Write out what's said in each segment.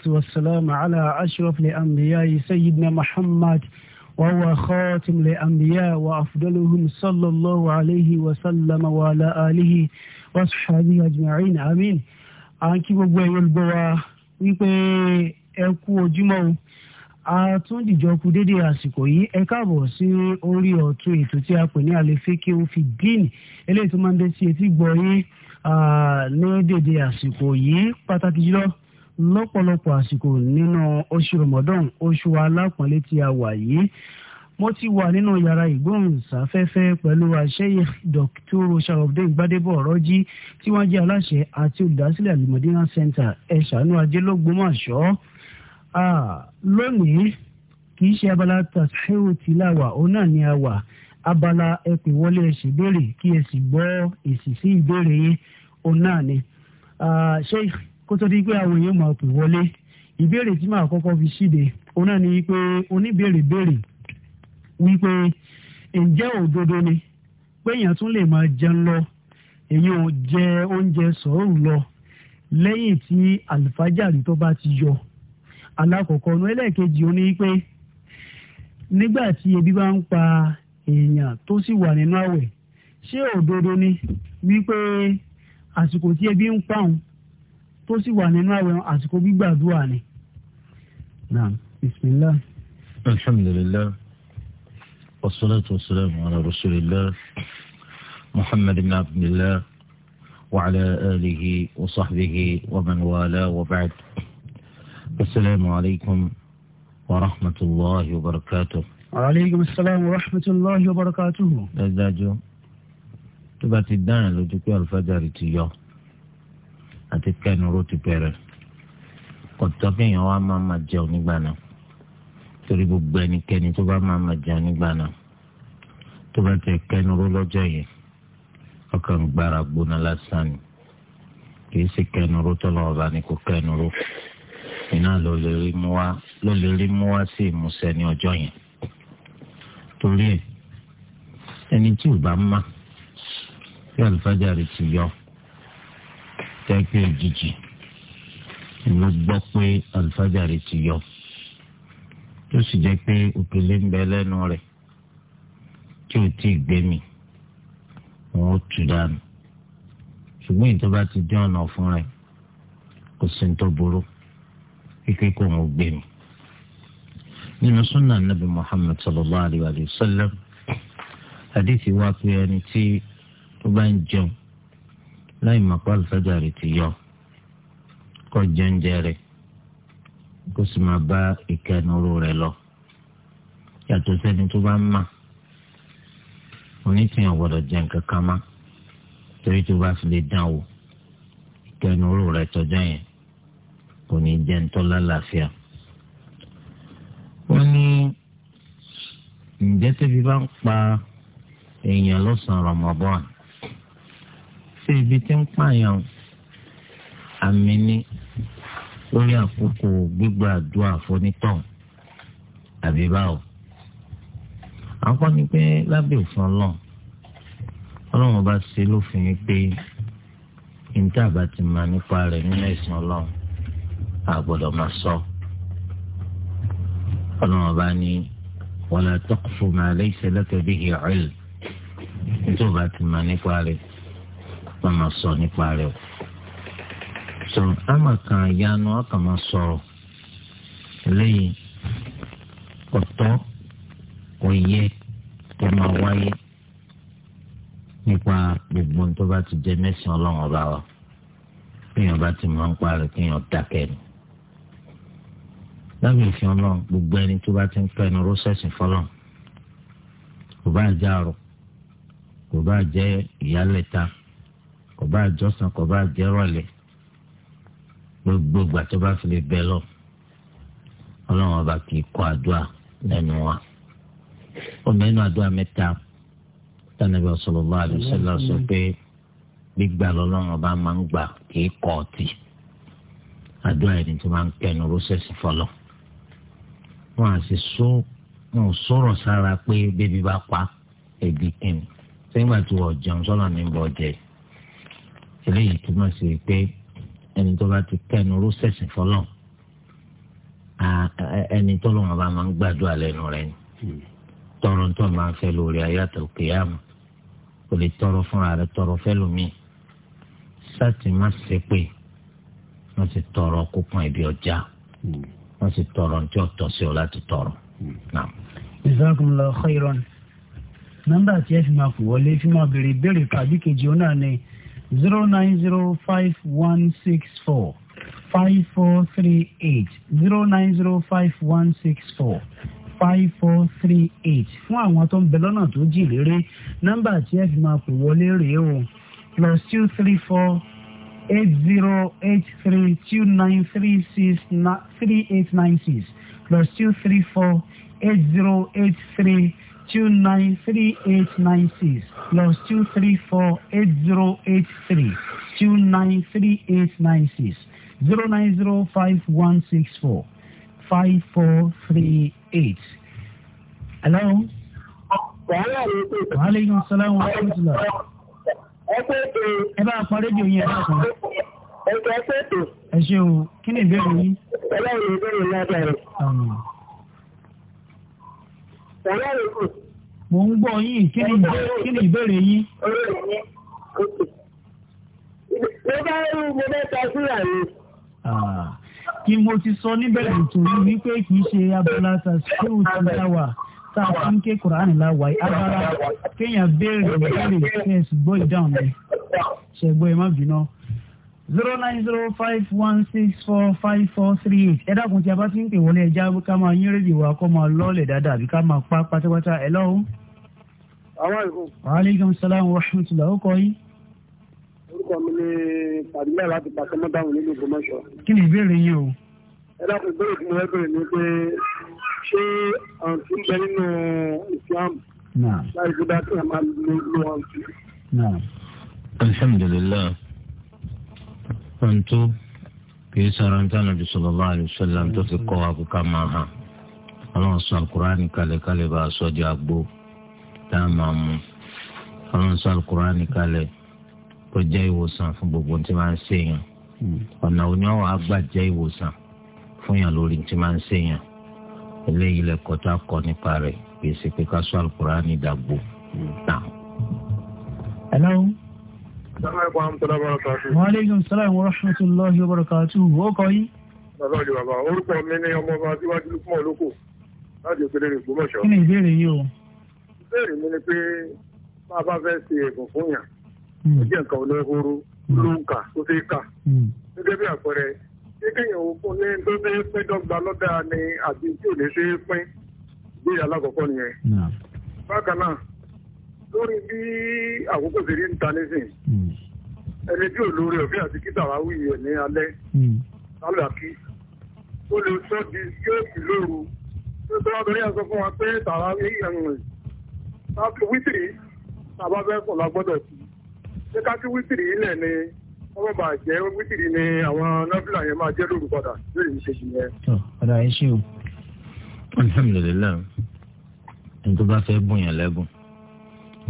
salatu wa salam ala ashraf le anbiya sayyidina muhammad wa huwa khatim le anbiya wa afdaluhum sallallahu alayhi wa sallam wa ala alihi wa sahbihi ajma'in amin. à ń kí gbogbo ẹ̀yọ́ olùgbọ́ wa wípé ẹ kú ojúmọ́ o a tún dìjọ kú dédé àsìkò yìí ẹ káàbọ̀ sí orí ọ̀tún ètò tí a pè ní àlefeke òfin dín eléyìí tó máa ń dé sí etí gbọ́ yín ní dédé àsìkò yìí pàtàkì jùlọ lọ́pọ̀lọpọ̀ àsìkò nínú oṣù Ramadan oṣù alápọ̀nlé tí a wà yìí mo ti wà nínú yàrá ìgbóhùnsáfẹ́fẹ́ pẹ̀lú àṣẹyẹ Dr. Sharafdin Gbadebo ọ̀rọ̀jì tí wọ́n jẹ́ aláṣẹ àti olùdásílẹ̀ Al-Madina Center ẹ̀ṣánú ajé lọ́gbọ́mọ̀ṣọ́ lónìí kì í ṣe abala tasiru tilawa òun náà ni a wà abala ẹ pè wọlé ẹ sì béèrè kí ẹ sì gbọ́ èsì sí ìbéèrè yín òun náà ni Sheikh kó tó di pé àwọn èèyàn máa pè wọlé ìbéèrè tí màá kọ́kọ́ fi ṣíde òun ni wípé oníbèrè béèrè wípé ǹjẹ́ òdodo ni pé èèyàn tún lè máa jẹun lọ èèyàn jẹ oúnjẹ sọ̀rọ̀ lọ lẹ́yìn tí àlùfájàrí tó bá ti yọ alákọ̀ọ́kọ́ ọ̀nà ẹlẹ́ẹ̀kejì ó ní pé nígbà tí ebi bá ń pa èèyàn tó sì wà nínú àwẹ̀ ṣé òdodo ni wípé àsìkò tí ebi ń pa òun tó sì wà nínú àwọn àsìkò gbígbàdúrà ni. naam alhamdulilah wasalaatu wasalaamu ala rasulillah muhammad ibn abdillah wa alihi wa sahbihi wa man wa ba'd. asalaamu alaykum wa rahmatulahi wa barakatuh. aleykum salaam wa rahmatulahi wa barakatuh. dájúdájú tó bá lójú pé alifájárì ti yọ. àti kẹ́nu ró ti bẹ̀rẹ̀ kọ̀tọ́ kéèyàn wá máa ma jẹun nígbà náà torí gbogbo ẹnikẹ́ni tó bá máa ma jẹun nígbà náà tó bá tẹ kẹ́nu ró lọ́jọ́ yẹn ọkàn gbára gbóná lásán ni kìí ṣe kẹ́nu ró tọ́lọ́ ọba ni kò kẹ́nu ró iná ló lè rí mú wá ló lè rí mú wá sí ìmúṣẹ ní ọjọ́ yẹn torí ẹ ẹni tí ò bá má bí àlùfáàjà rẹ ti yọ tẹ́pẹ́ òjijì ló gbọ́ pé alifájàre ti yọ tó sì jẹ́ pé òkèlè ń bẹ lẹ́nu rẹ̀ tí ò tí ì gbé mi wọn ó tù dànù ṣùgbọ́n ìjọba ti dín ọ̀nà fún rẹ̀ kò sí ní tó burú kíkẹ́ kó wọn gbé mi. nínú súnà nàbì Muhammad sallallahu alayhi wa sallam hadithi wá pé ẹni tí ó bá ń jẹun láì mọ̀ pé àlùfáàjà rẹ̀ ti yọ kó jẹ́ńjẹ́ rẹ̀ kó sì máa bá ìkẹnuru rẹ̀ lọ yàtọ̀ sẹ́ni tó bá ń mà onítìyàn gbọ́dọ̀ jẹ́ nǹkan kan má torí tó bá fi lè dán wò ìkẹnuru rẹ̀ tọ́jọ́ yẹn kò ní jẹ́ ń tọ́lá wọ́n ní ǹjẹ́ tẹ́bí bá ń pa èèyàn lọ́sàn-án Ramadan sí ibi tí ń pààyàn àmì ní lórí àkókò gbígba àdúrà fọ́nítàn àbí báwo. àkọ́ ni pé lábẹ́ òfin ọlọ́run ọlọ́run bá ṣe lófin pé níta bá ti máa nípa rẹ̀ nínú ẹ̀sìn ọlọ́run a máa sọ. ọlọ́run bá ní wala taqfu ma laysa laka bihi ilm nítorí bá ti máa nípa rẹ̀ wọn máa sọ nípa rẹ̀ o sọ àmà kan yanu ọkà máa sọ̀rọ̀ lẹ́yìn ọ̀tọ̀ òye tó máa wáyé nípa gbogbo tó bá ti jẹ mẹ́sàn-án ọba wa kéèyàn bá ti máa ń parí kéèyàn dákẹ́ ni lábẹ́ ìfẹ́ Ọlọ́run gbogbo ẹni tó bá ti ń pẹ́ ní rọ́ṣẹ̀sì fọlọ́n kò bá jẹ́ àrò kò bá jẹ́ ìyálẹ̀ta kò bá jọ́sán kò bá jẹ́rọ̀lẹ́ gbogbo ìgbà tó bá fi lè bẹ́ lọ ọlọ́run ọba kì í kọ́ àdúrà lẹ́nu wa ọmọ inú àdúrà mẹ́ta tánàbí sallallahu alaihi wasallam sọ pé gbígbà lọ́lọ́run ọba máa ń gbà kì í kọ́ ọtí àdúrà ẹni tó máa ń kẹnu rọ́ṣẹ̀sì fọlọ́ wọn à sì sọ wọn ò sọ̀rọ̀ sára pé bébí bá pa ebi kìnnì sẹ́yìn gbà tí wọ́n jẹun sọ́nà ní bọ́ọ̀jẹ̀ yìí eléyìí túmọ̀ sí pé ẹni tó bá ti kẹnu ró sẹ̀sìn fọlọ́ ẹni tó lọ́wọ́ bá máa ń gbàdúrà lẹ́nu rẹ̀ ni tọrọ tó máa ń fẹ́ lórí ayáta òkè àmọ́ kò lè tọrọ fúnra rẹ̀ tọrọ fẹ́ lómi sátì má ṣe pé wọ́n ti tọrọ kópọn ibi ọjà wọ́n ti tọrọ ní tí ó tọ́ sí ọ láti tọrọ. jazakumullahu khairan nọ́mbà tí ẹ fi máa kù wọlé fi máa béèrè ìbéèrè tàbí ọ náà ni zero nine zero five one six four five four three eight zero nine zero five one six four five four three eight fún àwọn tó ń bẹ lọ́nà tó jì lérè nọ́mbà tí ẹ fi máa pè wọlé rèé o plus two three four eight zero eight three two nine three six three eight nine six plus two three four eight zero eight three two nine three eight nine six plus two three four eight zero eight three two nine three eight nine six zero nine zero five one six four five four three eight. hello. wàhálà ìsàlámù aláìsílá. ẹ bá a pa rédíò yẹn bá a kan. ẹ ṣe o kí ni ìbéèrè yín. ọlọ́run ìbéèrè ládàá rẹ̀. Bẹ̀rẹ̀ rẹ̀ kù. Mò ń gbọ́ yín, kí ni kí ni ìbéèrè yín? Mo bá rí mo bẹ́ ta síra mi. Kí mo ti sọ níbẹ̀rẹ̀ ìtòrí wípé kì í ṣe abala sàṣẹ́wò tí a wà tá a fi ń ké Kùránì láwa abala kéèyàn béèrè ìbéèrè kí ẹ sì gbọ́ ìdáhùn rẹ̀. Ṣẹ̀gbọ́n ẹ má bínú zero nine zero five one six four five four three eight ẹ dákun tí a bá ti ń pè wọlé ẹja ká máa yín rédíò wa kó máa lọ́ọ̀lẹ̀ dáadáa àbí ká máa pa pátápátá ẹ lọ́hùn. aleykum salaam wa rahmatulah ó kọ yín. orúkọ mi ni padìlẹ́ láti pàṣẹ mọ́tàwọn nínú ìgbọ́mọ̀ṣọ́. kí ni ìbéèrè yín o. ẹ dákun ìbéèrè tí mo fẹ́ ni pé ṣé àǹtí ń bẹ nínú Islam láì fi dá sí àmà lóhùn àǹtí. alhamdulilayi ọ̀ǹtó kì í sọ̀rọ̀ níta nàbí sallallahu alaihi wasallam tó fi kọ́ àkókò máa hàn ọlọ́run sọ àkùránì kalẹ̀ kalẹ̀ bá a sọ di àgbo tá a máa mú ọlọ́run sọ àkùránì kalẹ̀ kó jẹ́ ìwòsàn fún gbogbo tí máa ń ṣèyàn ọ̀nà oníwàwọ̀ àgbà jẹ́ ìwòsàn fún yàn lórí tí máa ń ṣèyàn eléyìí lẹ́kọ̀ọ́ tá a kọ́ nípa rẹ̀ kì í ṣe pé ká sọ àkùránì dàgbò náà. Wàhálẹ́gùn sálàmù rọ́ṣùtùlọ́hì ọbọ̀rọ̀kàtù wọ́kọ̀ yí. Bàbá òjò bàbá, orúkọ mi ni ọmọ ọba tí wájú fún olóko láti òkèlè rẹ̀ gbọ́mọ̀ṣọ́. Kí ni ìbéèrè yìí o? Ìbéèrè mi ni pé bá a bá fẹ́ ṣe ẹ̀bùn fún yàn, hmm. ó jẹ́ nǹkan olóhoro hmm. ló ń kà tó fi kà. Hmm. Gẹ́gẹ́ bí àpẹẹrẹ, kékeré òun fún ní tó ní pín dọ́gba lọ́dà ni àbí tí ò ní ṣe é pín. Ìbéèrè alákọ̀ọ́kọ́ nìyẹn. Bákan náà, lórí bí àkókò ṣe rí ń ta nísìn hmm. ẹni tí ò lórí ọ̀fẹ́ àti kíta wá wí ẹ̀ ní alẹ́ hmm. lálàkí ó lè sọ di géètì lóru tó tó wá bẹ̀rẹ̀ sọ fún wa pé tàwa rí ẹ̀rùn rẹ̀ wítìrì tàbá fẹ́ sọ̀ la gbọ́dọ̀ sí ṣé ká kí wítìrì yìí lẹ̀ ni ọmọ bàá jẹ́ wítìrì ni àwọn nọ́fìlà yẹn máa jẹ́ lóru padà lórí ìṣèjì yẹn. ọ̀dà ẹ̀ ṣe o alhamdulilayi ntọ́ bá fẹ́ bùn yàn lẹ́gùn.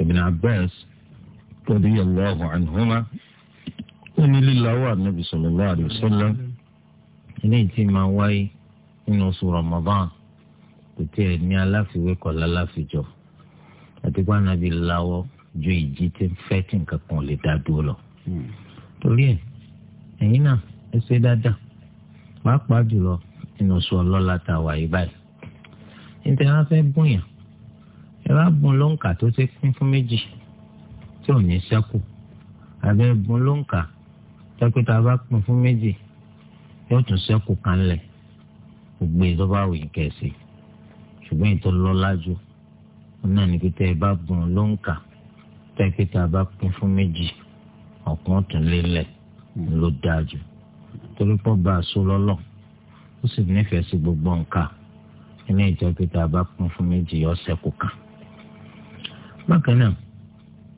ibn Abbas radiyallahu anhuma ó ní líláwọ́ ànábì sallallahu alaihi wasallam eléyìí tí máa wáyé nínú oṣù Ramadan kò tiẹ̀ ní aláfiwé kọ̀ọ̀lá láfijọ́ àti pé ànábì láwọ́ ju ìjì tí ń fẹ́ tí nǹkan kan lè dá dúró lọ. torí ẹ ẹ̀yin náà ẹ ṣe dáadáa pàápàá jùlọ nínú oṣù ọlọ́lá tá a wà yí báyìí. níta wọn fẹ́ bóyá ẹ bá bùn lóǹkà tó ṣe pín fún méjì tí ò ní ṣẹ́kù àbẹ bùn lóǹkà tẹ́kù tá a bá pín fún méjì yóò tún ṣẹ́kù kan lẹ̀ gbogbo èyí tó bá wù yín kẹ̀sì ṣùgbọ́n èyí tó lọ́lá jù náà ní pété ẹ bá bùn lóǹkà tẹ́kù tá a bá pín fún méjì ọ̀kan tún lélẹ̀ ló dáa torí pọ̀ bá a sọ lọ́lọ́ ó sì nífẹ̀ẹ́ sí gbogbo nǹkan ilé ìjọ pété a bá pín fún méjì ọ̀sẹ̀ kù kan. bákan náà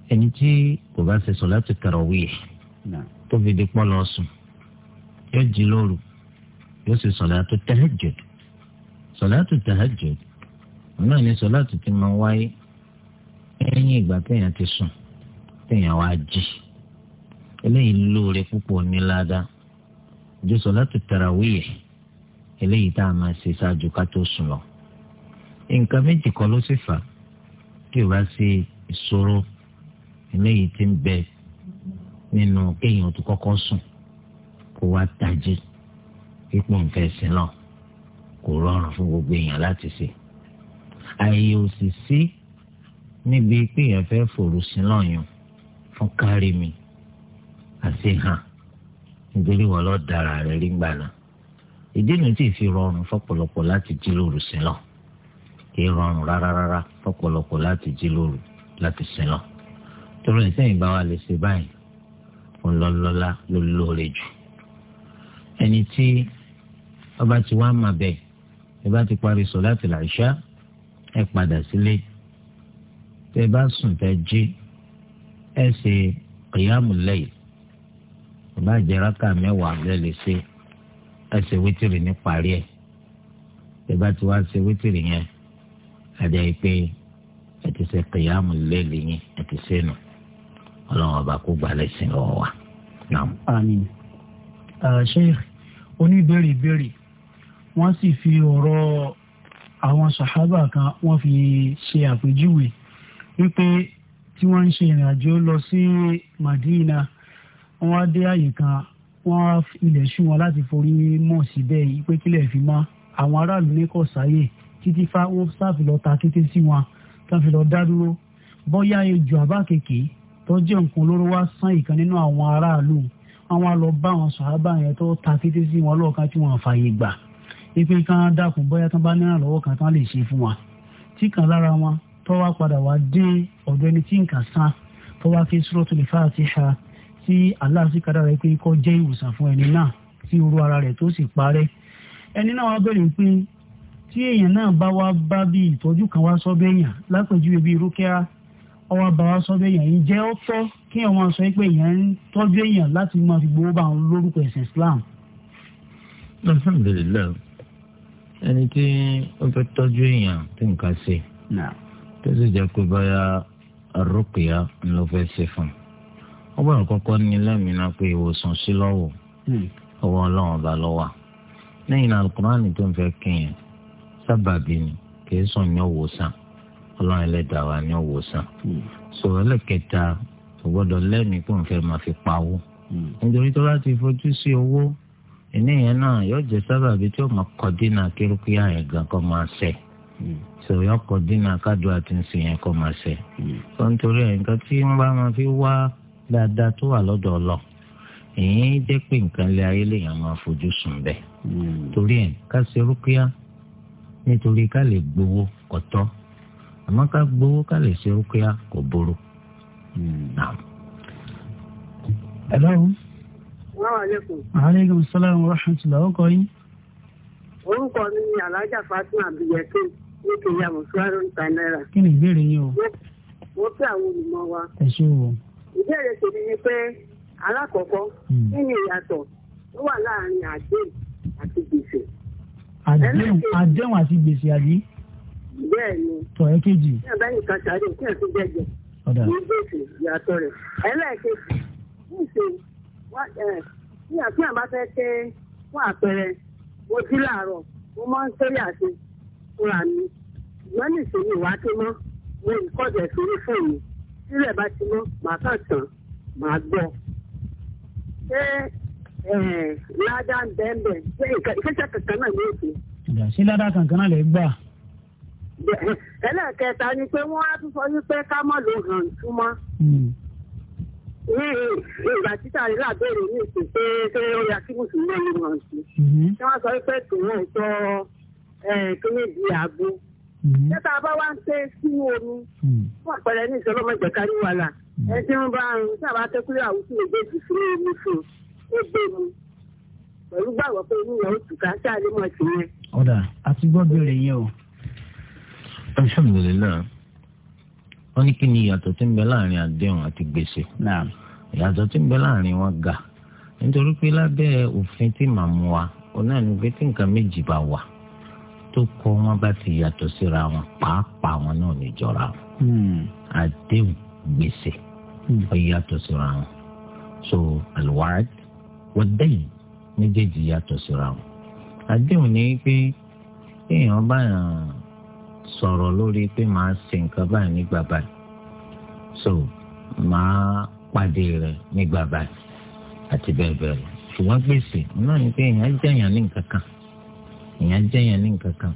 ẹni tí kò bá ṣe sọ̀láàtì tarawih tó fi di pọ́ lọ sùn yóò jí lóru yóò ṣe sọ̀láàtì tahajjud sọ̀láàtì tahajjud náà ni sọ̀láàtì ti máa wáyé lẹ́yìn ìgbà téèyàn ti sùn téèyàn wá jí eléyìí lóore púpọ̀ ní ládàá ju sọ̀láàtì tarawih eléyìí tá a máa ṣe ṣáájú ká tó sùn lọ nǹkan méjì kọ́ ló sì fà á. tí o bá ṣe ìṣòro eléyìí ti ń bẹ nínú kéèyàn tó kọ́kọ́ sùn kó wá tají ipò nǹkan ẹ̀sìn náà kò rọrùn fún gbogbo èèyàn láti ṣe ààyè ò sì sí níbi pé èèyàn fẹ́ fòrò sí lọ́yàn fún kárí mi àti hàn nítorí wọn lọ́ọ́ dára rẹ̀ rí gbà náà ìdí nu tí ì fi rọrùn fọ́pọ̀lọpọ̀ láti jí lóru sí lọ́ọ̀ kì í rọrùn rárá rárá fọ́pọ̀lọpọ̀ láti jí lóru láti sin lọ. torí ìsẹ́yìn bá wa lè ṣe báyìí fún lọ́lọ́lá ló lóore jù. ẹni tí ọba ti wá mà bẹ́ẹ̀ ẹ bá ti parí sọ láti làṣà ẹ padà sílé tẹ bá sùn tẹ jí ẹ ṣe kìyàmù lẹ́yìn ìbá jẹ́ mẹ́wàá lẹ lè ṣe ẹ ṣe wítìrì ní parí ẹ tẹ bá ti wá ṣe wítìrì yẹn ajá yìí pé ẹ ti ṣe kìyàmù lẹ́lẹ̀ yín ẹ ti ṣe nù ọlọ́run ọba kó gbà lẹ́sìn lọ́wọ́ wa. àmín ṣe oníbèrèbèrè wọ́n sì fi ọ̀rọ̀ àwọn sàhábà kan wọ́n fi ṣe àpèjúwe wípé tí wọ́n ń ṣe ìrìn àjò lọ sí Madina wọ́n á dé àyè kan wọ́n á ilẹ̀ ṣú wọn láti forí mọ̀ síbẹ̀ yìí fi mọ́ àwọn aráàlú ní kò sáyè títí fa wọ́n sáfì lọ ta kété sí wọn sáfì lọ dá dúró bọ́yá ejò àbá kéèké tó jẹ́ nǹkan olóró wá sán ìkan nínú àwọn aráàlú àwọn àlọ́ bá àwọn sàhábà yẹn tó ta kété sí wọn lọ́ọ̀kan tí wọ́n fààyè gbà ipe kan dákun bọ́yá tán bá ní ìrànlọ́wọ́ kan tán lè ṣe fún wa tí kan lára wọn tó wá padà wá dé ọ̀dọ̀ ẹni tí nǹkan sán tó wá ké Suratul Fatiha tí aláàsì kádàrá rẹ pé kó jẹ́ ìwòsàn fún ẹni náà tí orú ara rẹ̀ tó sì parẹ́ ẹni náà wá bẹ̀rẹ̀ pé tí èèyàn náà bá wá bá bí ìtọ́jú kan wá sọ́bẹ̀ èèyàn lápèjúwe bíi rúkẹ́á ọwọ́ bá wá sọ́bẹ̀ èèyàn yìí jẹ́ ó kí èèyàn máa sọ pé èèyàn ń tọ́jú èèyàn láti máa fi gbowó bá àwọn lórúkọ ẹ̀sìn Islam. alhamdulilayi ẹni tí ó fẹ́ tọ́jú èèyàn tí nǹkan ṣe tó sì jẹ́ pé báyà rúkìá ló fẹ́ ṣe fún un ó bọ̀rọ̀ kọ́kọ́ ní lẹ́mìnà pé ìwòsàn sí lọ́wọ́ hmm. ọwọ́ ọlọ́run ọba lọ́wọ́ lẹ́yìn náà tó ń fẹ́ kéèyàn sábàbí ni kìí sùn ní òwò sàn ọlọ́run ẹlẹ́dàá wa ní òwò sàn. sọ ẹlẹ́kẹta kò gbọ́dọ̀ lẹ́mìí kó n fẹ́ máa fi pawó. nítorí tó bá ti fojú sí owó ìní yẹn náà yóò jẹ sábàbí tí ó máa kọ dínà kírúkíá yẹn gan kó máa ṣẹ sọ yọ kọ dínà kádù àti nsì yẹn kó máa ṣẹ. sọ nítorí ẹ̀ nǹkan tí ń bá máa fi wá dáadáa tó wà lọ́dọ̀ ọlọ́ọ̀ èyí jẹ́ pé nǹkan lé ayé lèèyàn máa fojú sùn bẹ́ẹ̀. torí ẹ̀ ká ṣe nítorí ká lè gbowó ọtọ àmọ́ ká gbowó ká lè ṣe rúkìá kò burú. ẹ lọ́rùn. aleykum salaam wa rahmatulah ọkọ yín. orúkọ mi ni alhaja fatima abiyeke nítorí àmọ̀síwájú níta náírà. kí ni ìbéèrè yín o. mo fẹ́ àwọn olùmọ̀ wa. ẹ ṣé o. ìbéèrè tèmi ni pé alákọ̀ọ́kọ́ hmm. kí ni àdéhùn àti gbèsè àbí. bẹ́ẹ̀ni tọ ẹ kejì. ní àbáyé kan sáré kí ẹ jẹjẹ. ọ̀dà ní gbèsè ìyàtọ̀ rẹ̀ ẹlẹ́ẹ̀kejì gbèsè ní àti àbá ṣe fún àpẹẹrẹ mo jí làárọ̀ mo máa ń sórí àti fúnra mi ìyọ́n nìṣẹ́ mi wá tó mọ́ mo ìkọ́jẹ̀ sórí fóònù sílẹ̀ bá ti mọ́ màá kàn tán màá gbọ́. ṣé Eh, ládà bẹ́ẹ̀ bẹ́ẹ̀ ìkẹ́sẹ̀ kankan náà ló ṣe. ṣé ládà kankan náà lè gbà. ẹlẹ́kẹta ni pé wọ́n á tún sọ wípé ká mọ̀ ló hàn túmọ̀. Hmm. ní ìgbà títà rẹ̀ lábẹ́rẹ̀ ní ìsìn pé ṣé ó yà kí mùsùlùmí ló hàn sí. Hmm. ṣé wọ́n sọ wípé tòun ò sọ kíní di àgbo. Hmm. ṣé tá a bá wá ń ṣe sínú omi fún àpẹẹrẹ ní ìṣọlọ́mọ ìgbẹ̀ka ní wàhálà ẹ ti ń bá ń sábà tẹ́kúrẹ́ àwùjọ ìgbésí fún omi fún un ó gbé mi pẹ̀lú gbàgbọ́ pé inú yẹn ó tù ká sáà lè mọ̀ sí yẹn. ọ̀dà àti gbọ́dọ̀ rẹ̀ yẹn o. alhamdulilayi wọ́n ní kí ni ìyàtọ̀ tí ń bẹ láàrin àdéhùn àti gbèsè. ìyàtọ̀ tí ń bẹ láàrin wọn ga nítorí pé lábẹ́ òfin tí màá mú wa òun náà ní pé tí nǹkan méjì bá wà tó kọ́ wọn bá ti yàtọ̀ síra wọn pàápàá wọn náà ní wọn. Hmm. àdéhùn gbèsè hmm. ó síra wọn so alwad wọ́dẹ́yìn méjèèjì yàtọ̀ síra wọn. àdéhùn ni pé èèyàn bá yàn sọ̀rọ̀ lórí pé màá ṣe nǹkan báyìí nígbà báyìí so màá pàdé rẹ nígbà báyìí àti bẹ́ẹ̀ bẹ́ẹ̀ lọ. ṣùgbọ́n gbèsè náà ni pé èèyàn jẹ̀yàn ní nǹkan kan èèyàn jẹ̀yàn ní nǹkan kan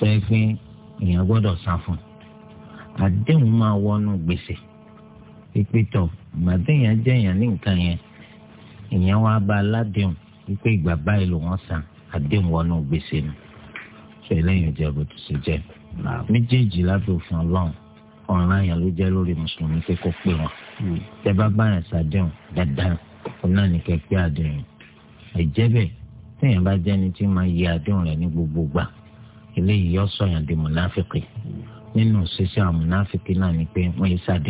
pé èèyàn gbọ́dọ̀ fún un àdéhùn máa wọnú gbèsè tọ̀ jẹ̀yàn ní nǹkan yẹn ìyẹn wá bá aládéhùn wípé ìgbà báyìí ló wọ́n san àdéhùn wọnú gbèsè nù sọ eléyìí jẹ́ bó ti ṣe jẹ́ méjèèjì lábẹ́ òfin ọlọ́run ọ̀ràn yẹn ló jẹ́ lórí mùsùlùmí pé kó pè wọ́n hmm. tẹ́ bá báyàn sàdéhùn dáadáa òun náà ní kẹ́kẹ́ àdéhùn ẹ̀jẹ̀ bẹ́ẹ̀ téèyàn bá jẹ́ni tí máa yẹ àdéhùn rẹ̀ ní gbogbo gbà eléyìí yọ sọ̀yàn di mùnáfíkì hmm. nínú ṣíṣe àwọn náà ni pé wọ́n pé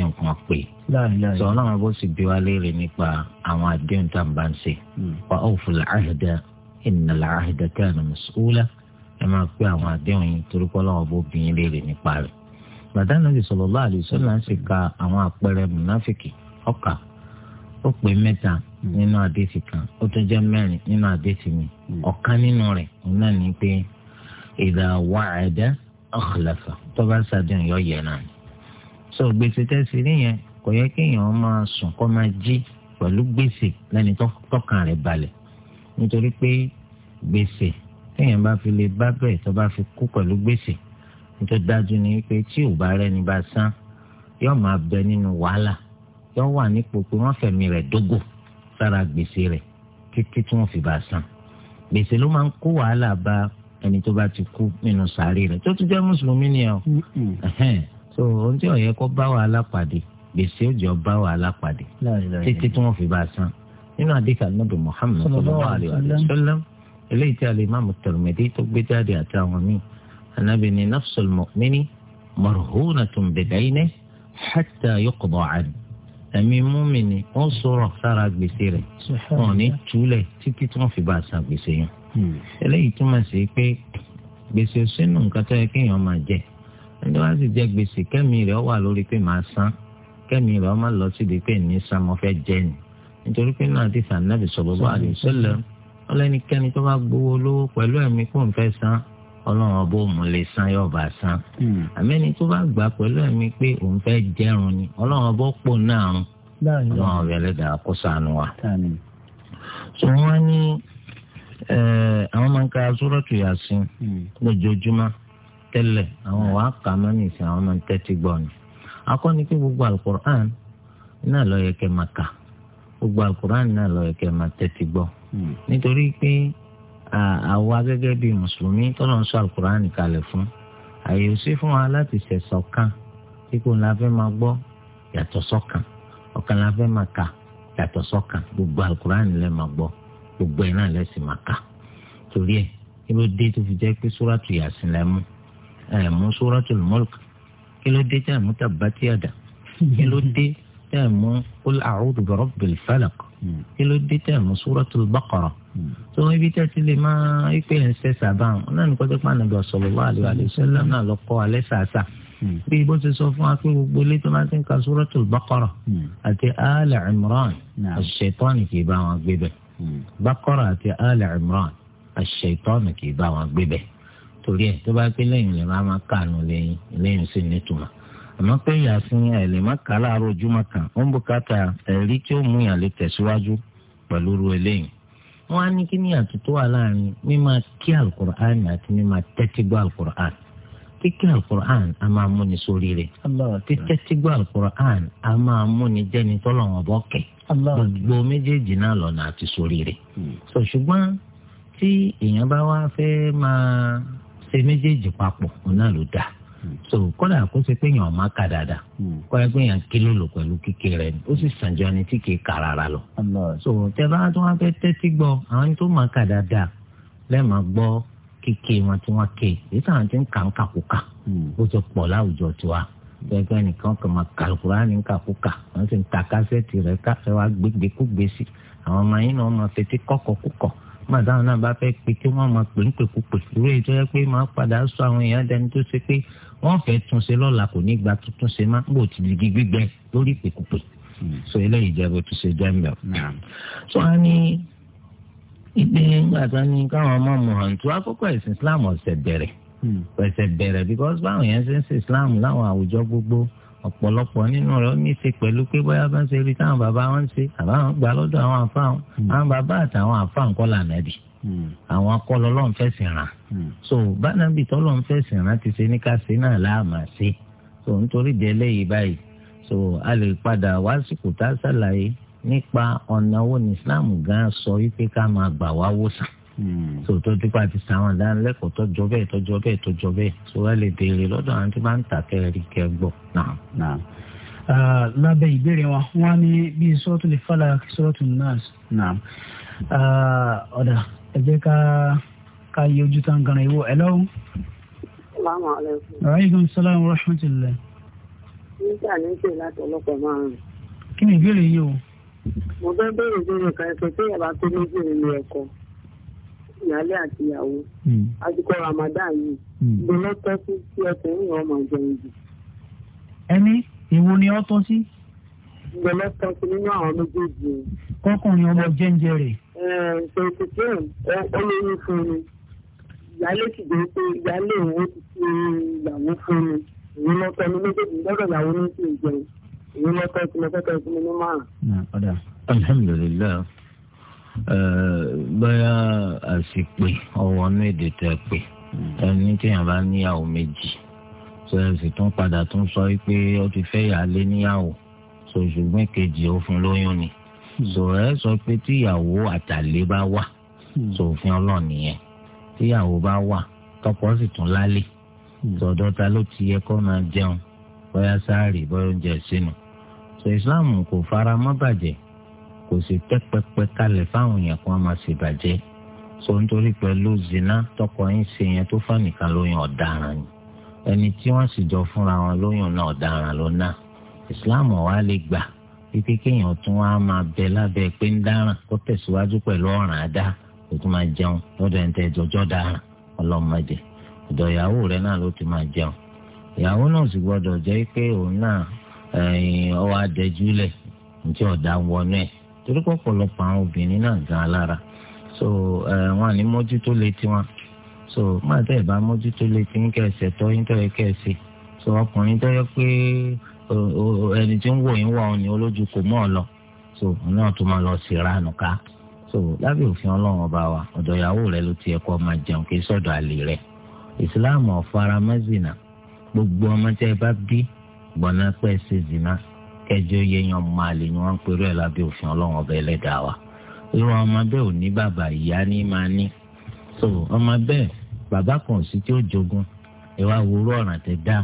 sọ bó sì bí léèrè nípa àwọn àdéhùn tá à ń bá ń ṣe hmm. wa awful ahda innal ahda kana mas'ula ẹ máa pé àwọn àdéhùn yìí torí pé bó bí yín léèrè nípa rẹ̀ bàtà nàbì ka àwọn àpẹẹrẹ mùnáfíkì ọkà ó pé mẹ́ta hmm. nínú kan ó tún jẹ́ mẹ́rin nínú mi hmm. ọ̀kan nínú rẹ̀ akhlafa tó bá ṣàdéhùn yọ yẹ náà so gbèsè tẹsí nìyẹn kò yẹ kéèyàn máa sùn kó máa jí pẹ̀lú gbèsè lẹ́ni tọ́kàn rẹ̀ balẹ̀ nítorí pé gbèsè téèyàn bá fi lè bá bẹ̀ tó bá fi kú pẹ̀lú gbèsè nítorí dájú ni pé tí ò bá rẹ́ni bá san yóò máa bẹ nínú wàhálà yóò wà nípò pé wọ́n fẹ̀mí rẹ̀ dógò sára gbèsè rẹ̀ títí tí wọ́n fi bá san gbèsè ló máa ń kó wàhálà bá ẹni tó bá ti kú nínú sàárè rẹ̀ tó tún jẹ́ mùsùlùmí ni ọ so ohun tí ọ̀yẹ́ kọ́ bá wàhálà pàdé gbèsè ó jọ bá wàhálà pàdé títí tí wọ́n fi bá a san nínú àdìkà nàbì Muhammad sallallahu alayhi wa sallam eléyìí tí alimami Tirmidhi tó gbé jáde àti àwọn míì anabi ni nafsul mu'mini marhunatun bidaynihi hatta yuqda anhu ẹ̀mí múmìnì ó sọ̀rọ̀ sára gbèsè rẹ̀ wọn ní túlẹ̀ títí tí wọ́n fi bá a san gbèsè yẹn. Hmm. eléyìí túmọ̀ sí pé gbèsè sínú nǹkan tó yẹ kéèyàn máa jẹ ẹni wá sì jẹ gbèsè kẹ́mi rẹ̀ wà lórí pé màá san kẹ́mi rẹ̀ má lọ síbi pé ní san mo fẹ́ jẹ ni nítorí pé náà ti sàn nábì sallallahu alaihi wasallam ọlẹ́nikẹ́ni tó bá gbowó lówó pẹ̀lú ẹ̀mí kó ń fẹ́ san ọlọ́run ọba òun lè san yóò bá san hmm. àmì ẹni tó bá gbà pẹ̀lú ẹ̀mí pé òun fẹ́ jẹun ni ọlọ́run ọba pò náà rún ọlọ́run ọba ẹlẹ́dàá kó ṣàánú wa. sọ wọn ní àwọn máa ń ka sórọ́tù yàsín hmm. lójoojúmọ́ tẹ́lẹ̀ àwọn wàá kà má nìsín àwọn máa ń tẹ́tí gbọ́ ni akọni pé gbogbo alukur'an náà lọ yẹ kẹ́ máa kà gbogbo alukur'an náà àwa gẹ́gẹ́ bíi mùsùlùmí tọ́lọ̀ ń sọ àlùkùránì kalẹ̀ fún àyè ò sí fún wa láti ṣẹ̀ṣọ̀ kan tí kò la fẹ́ máa gbọ́ yàtọ̀ sọ́kan ọ̀kan la fẹ́ máa kà yàtọ̀ sọ́kan gbogbo àlùkùránì lẹ́ máa gbọ́ gbogbo ẹ̀ náà lẹ́ sì máa kà torí ẹ̀ kí ló dé tó fi jẹ́ pé sóràtù yàsìn lẹ́ mú ẹ̀ mú sóràtù mọ́lùk kí ló dé tẹ́ mú tàbátì àdá kí ló dé tẹ́ mú kul a'udhu bi rabbil falaq hmm. kí ló dé tẹ́ mú sóràtù baqara tó ibi tẹ́ ti lè máa ipe ẹ̀ ń ṣe sàbáwọn náà ní kọ́jọ́ pàánù bí sallallahu alaihi wasallam náà lọ kọ́ alẹ́ sàásà hmm. bí bó ti sọ fún wa pé gbogbo ilé tó máa ti ń ka suratul Baqara hmm. àti Al Imran aṣ kì í bá wọn gbé bẹ̀ hmm. Baqara àti Al Imran aṣ-Ṣaytan kì í bá wọn gbé bẹ̀ torí ẹ̀ tó bá pé lẹ́yìn lè máa máa kànú lẹ́yìn lẹ́yìn sí nítumọ̀ àmọ́ pé yàtún ẹ̀lẹ́mọ̀ kàlà àròjúmọ̀ kan ó ń bùkátà ẹ̀rí tí ó mú yàn lè tẹ̀síwájú pẹ̀lú ru eléyìí wọ́n á ní kí ni àtúntò wà láàrin mímá kí alukur'an àti mímá tẹ́tí gbọ́ alukur'an kíkí alukur'an a máa múni sórí rẹ̀ títẹ́tí gbọ́ alukur'an a máa múni jẹ́ni tọ́lọ́wọ́n bọ́ kẹ̀ gbogbo méjèèjì náà lọ́nà àti sórí rẹ̀ hmm. ṣùgbọ́n tí èèyàn bá wá fẹ́ máa ṣe méjèèjì papọ̀ ọ̀nà ló dáa so kódà kó ṣe pé yàn ọmọ kà dáadáa hmm. kó ẹ pé yàn kílò lò pẹ̀lú kíkẹ́ rẹ̀ ó sì sàn jọ ẹni tí kì í kà rárá lọ. so tẹ bá tó wá fẹ́ tẹ́tí gbọ́ àwọn ẹni tó máa kà dáadáa lẹ́ẹ̀ma gbọ́ kíkẹ́ wọn tí wọ́n kẹ́ èyí sàn ti ń kà ń kàkúkà hmm. ó ti pọ̀ láwùjọ tiwa gbẹgbẹ nìkan kò máa kàlùkùrá ní kàkúkà wọn sì ń ta kásẹ̀tì rẹ̀ káfẹ́ wa gbégbé kó gbé sí àwọn ọmọ yín náà máa fetí kọ́kọ́ kúkọ̀ màdáwọn náà bá fẹ́ pé kí wọ́n máa pè ń pè kú ìwé ìtọ́jú pé máa padà sọ àwọn èèyàn dẹni tó ṣe pé wọ́n fẹ́ túnṣe lọ́la kò ní gba túnṣe má bò ti di gbígbẹ lórí ìpèkúpè hmm. so eléyìí jẹ́ bó ti ṣe jẹ́ mẹ́ọ̀. so a ní ìgbé gbàtà ní káwọn ọmọ mọ̀ọ́ntù akókò ẹ̀sìn Islam ọ̀sẹ̀ bẹ̀rẹ̀ hmm. ọ̀sẹ̀ bẹ̀rẹ̀ because báwọn yẹn ṣe ń ṣe Islam láwọn àwùjọ gbogbo ọ̀pọ̀lọpọ̀ nínú rẹ̀ ní í ṣe pẹ̀lú pé bóyá bá ń ṣe rí táwọn bàbá wọn ṣe àbáwọn gbà lọ́dọ̀ àwọn àfáwọn hmm. àwọn bàbá àtàwọn àfáwọn kọ́ lànà dì àwọn akọlọ lọ́n fẹ̀sìn rán hmm. so bánàbì tọ́lọ́ ń fẹ̀sìn rán ti ṣe ní káṣí náà láàmà ṣe so nítorí jẹ́ lẹ́yìn báyìí so a lè padà wá síkù tá a ṣàlàyé nípa ọ̀nà wo ní Islam gan sọ wípé ká máa gbà wá wòsàn hmm. so tó dípa ti sàwọn ìdánilẹ́kọ̀ọ́ tọ́jọ́ bẹ́ẹ̀ tọ́jọ́ bẹ́ẹ̀ tọ́jọ́ bẹ́ẹ̀ so wá lè béèrè lọ́dọ̀ àwọn tí wọ́n ń tà kẹ́rì kẹ́gbọ̀ náà. Ah, lábẹ́ ìbéèrè wọn wọ́n á ní bíi sọ́ọ̀tù lè fàlà sọ́ọ̀tù náà ọ̀dà ẹ jẹ́ ká ká yẹ ojú tán gan-an ìwọ ẹ lọ́wọ́. aleykum salaam wa rahmatulah. nígbà nígbà láti ọlọ́pàá márùn-ún. kí ni ìbéèrè yìí o. mo fẹ́ bẹ̀rẹ̀ ìbéèrè kan ẹ̀sẹ̀ tó yàrá tó méjì nínú ẹ̀kọ́ ìyálé àti ìyàwó hmm. àsìkò Ramadan yìí hmm. ìgbẹ́ sí tí ọmọ ìjẹun jù. ẹni ìwo ni ọ tọ́ sí gbẹlẹ kan sí nínú àwọn méjèèjì. kọkùnrin ọmọ jẹ́ǹjẹ́ rẹ̀. ṣèṣe tí ó lóyún fún mi ìyáálé sì gbé pé ìyáálé òun ti fi ìyàwó fún mi èyí lọ́tọ́ ní méjèèjì lọ́dọ̀ ìyàwó ní ti ìjẹun èyí lọ́tọ́ tí mo fẹ́ fún mi ní márùn. alhamdulilayi bóyá àsìpè ọwọ́ inú èdè tẹ pé ẹni téèyàn bá níyàwó méjì tó ẹ sì tún padà tún sọ pé ó ti fẹ́ yàálé níyàwó sòṣùgbọ́n kejì ó fún lóyún ni hmm. sọ ẹ sọ pé tíyàwó àtàlẹ́ bá wà hmm. sòfin ọlọ́ọ̀ nìyẹn tíyàwó bá wà tọkọ sì tún lálẹ́ tọ̀dọ̀ hmm. ta ló ti yẹ kó máa jẹun bóyá sáárì bóyá oúnjẹ sínú sọ ìsìláàmù kò fara mọ́ bàjẹ́ kò sì tẹ́pẹpẹ kalẹ̀ fáwọn èèyàn kan máa ṣe bàjẹ́ so nítorí pẹ̀lú zina tọkọ yín ṣe yẹn tó fà nìkan lóyún ọ̀daràn ni ẹni tí wọ́n sì jọ fúnra wọn lóyún náà ọ̀daràn ló náà. ìsìláàmù wa lè gbà pípé kéèyàn tún wá máa bẹ lábẹ́ pé ń dáràn kó tẹ̀síwájú pẹ̀lú ọ̀ràn àdá kó tún máa jẹun lọ́dọ̀ ẹni tẹ́ jọjọ́ dáràn ọlọ́mọdé ọ̀dọ̀ ìyàwó rẹ náà ló ti máa jẹun ìyàwó náà sì gbọ́dọ̀ jẹ́ pé òun náà ọwọ́ adẹ́júlẹ̀ ntí ọ̀dà wọnú ẹ̀ torí àwọn obìnrin náà gan alára so wọn àní mójútó létí wọn so máa bá mójútó létí ẹni tí ń wò yín wọ̀ ni olójú kò mọ̀ ọ lọ so náà tó máa lọ sí ìranù ká so lábẹ́ òfin ọlọ́run ọba wa ọ̀dọ̀ ìyàwó rẹ ló ti ẹ̀kọ́ máa jẹun kí sọ̀dọ̀ àlè rẹ islam ọ̀fara mẹ́zìnà gbogbo ọmọ tẹ́ ẹ bá bí gbọ̀nà pẹ́ ṣe zina kẹjọ yẹyan máa lè ní wọ́n ń pẹ̀lú ẹ̀ lábẹ́ òfin ọlọ́run ọba ẹlẹ́dàá wa irú ọmọ bẹ́ẹ̀ ò ní bàbá ìyá ní máa ní so ọmọ bẹ́ẹ̀ bàbá kan sí tí ó jogun ìwà àwòrán ọ̀ràn tẹ dáa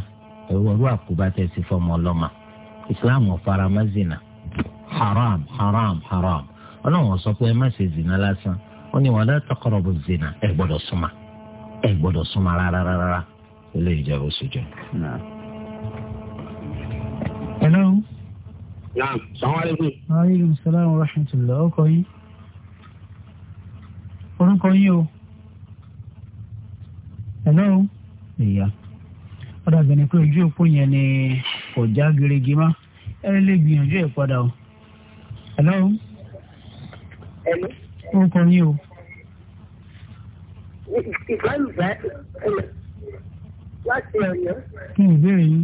ẹ̀wọ̀rú àkóbá tẹ̀ sí fọmọ ọlọ́mà islam ọ̀farama zina haram haram haram ọlọ́run sọ pé ẹ má ṣe zina lásán ó ní wala taqrabu zina ẹ gbọ́dọ̀ súnmà ẹ gbọ́dọ̀ súnmà rárá rárá ilé ìjọba oṣù jẹ. hello. naam salaamaleykum. aleykum salaam wa rahmatulah ọkọ yìí orúkọ yìí o. hello. ìyá. Yeah ó dàbí ẹni pé ojú òpó yẹn ni kò já gerege mọ́ ẹ lè gbìyànjú ẹ̀ padà o. hello. hello. ó kọ ní o. ìbáyìí bá láti ọ̀yọ́. kí ni ìbéèrè yín.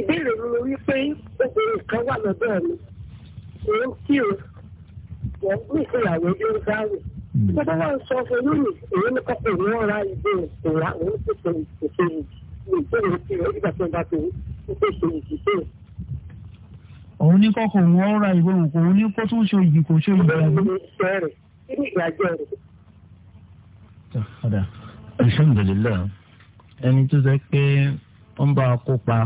ìbéèrè mi ni wípé obìnrin kan wà lọ́dọ̀ mi òun kí o wọ́n ní ìfìyàwó ló ń dáwò. bàbá wa ń sọ fún un lónìí èyí ni kọ́kọ́ òun ọ̀ra ìbéèrè òun ti pè é ìṣèlú ìgbéyàwó kí ẹ nígbà tí wọn bá tó ó tó ṣe ìdìbò. òun ní kọ́kọ́ òun ọ̀rọ̀ ra ìwé òun kò ní kó tún ṣe òyì kò ṣe ìgbà rẹ̀. alhamdulilayi ẹni tó sẹ pé ó ń bá a kópa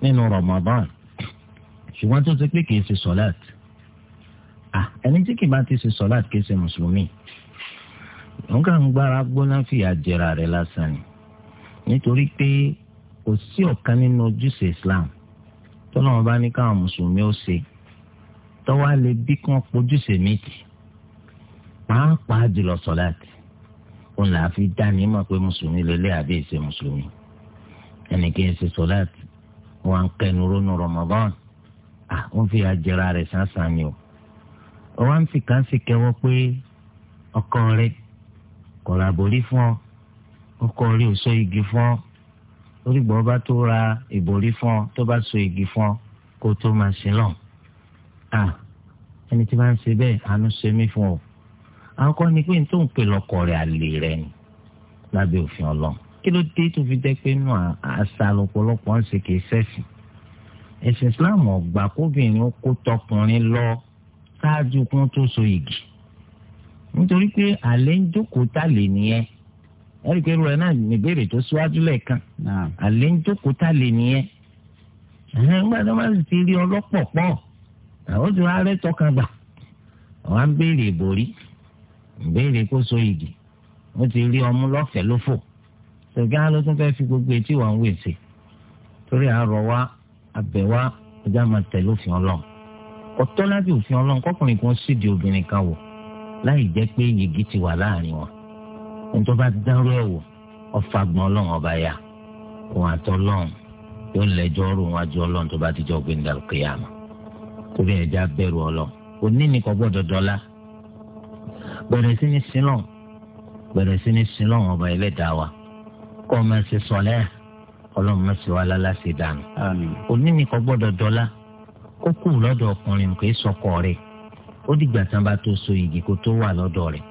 nínú Ramadan ṣùgbọ́n tó ti pé kìí ṣe sọ́láàtì ẹni tí kìí bá ti ṣe sọ́láàtì kìí ṣe mùsùlùmí òun gbára gbóná fìyà jẹra rẹ̀ lásán ni nítorí pé kò sí ọ̀kan nínú ojúṣe islam tọ́lọ́wọ́n bá ní káwọn mùsùlùmí ó ṣe tọ́wá lè bí kí wọ́n pojúṣe méjì pàápàá jùlọ sọ́láàtì òun là á fi dá ní mọ̀ pé mùsùlùmí lélẹ́ àbí ìṣe mùsùlùmí ẹnìkan ṣe sọ́láàtì wọn kẹnu rónú Ramadan àwọn fi àjẹrà rẹ̀ sánsan ni o wọn fi kàn sí kẹwọ́ pé ọkọ rẹ kọ̀ọ̀lá borí fún ọ ọkọ rí ò sọ igi fún orígbọ́ bá tó ra ìbòrí fún ọ tó bá so igi fún ọ kó tó máa sin lọ. à ẹni tí wọ́n ń ṣe bẹ́ẹ̀ àánú ṣe mí fún ọ. àwọn kan ní pé n tó ń pè lọkọ rẹ̀ àlè rẹ̀ ni lábẹ́ òfin ọlọ́run kí ló dé tó fi jẹ́ pé inú àṣà lọ́pọ̀lọpọ̀ ń ṣe kìí ṣẹ̀sìn. ẹ̀sìn islam ọ̀gbà kóbìnrin ó kó tọkùnrin lọ ṣáájú kún tó so igi. nítorí pé àlè ń jókòó tà nìyẹn ẹ̀ríkẹ́ rẹ̀ náà níbèrè tó síwájú lẹ́ẹ̀kan àlẹ́ ń jókòó lè nìyẹn nígbà tó máa ti rí ọlọ́pọ̀ pọ̀ àwọn tí wàá tọkàn gbà wọ́n á ń béèrè ìbòrí kó so igi wọ́n ti rí ọmú lọ́fẹ̀ẹ́ lófò ṣùgbọ́n ló tún fi gbogbo etí wọn sí torí àárọ̀ wa wa ọjà máa ọlọ́run ọ̀tọ́ lábẹ́ òfin ọlọ́run kọkùnrin kan sídìí obìnrin kan wọ̀ láì jẹ́ ti wà nítorí bá ti dárú ẹ̀ wò ọ̀fà gbọ́n ọlọ́run ọba yá òun àtọ́ ọlọ́run yóò lẹ́jọ́ ọ̀rọ̀ òun àjọ ọlọ́run tó bá ti jọ gbẹ̀ndà kìyàmù torí ẹ̀já bẹ̀rù ọlọ́run òní nìkan gbọ́dọ̀ dọ́lá bẹ̀rẹ̀ sí ní sílọ̀n bẹ̀rẹ̀ sí ní sílọ̀n ọba ẹlẹ́dàá wa kọ́ ọ máa ṣe sọ̀lẹ́ ọlọ́run máa ṣe wá láláṣẹ dànù òní nìkan gbọ́dọ̀ dọ́lá kókù lọ́dọ̀ ọkùnrin kì í sọkọ rẹ̀ ó dìgbà tán bá tó so igi kó tó wà lọ́dọ̀ rẹ̀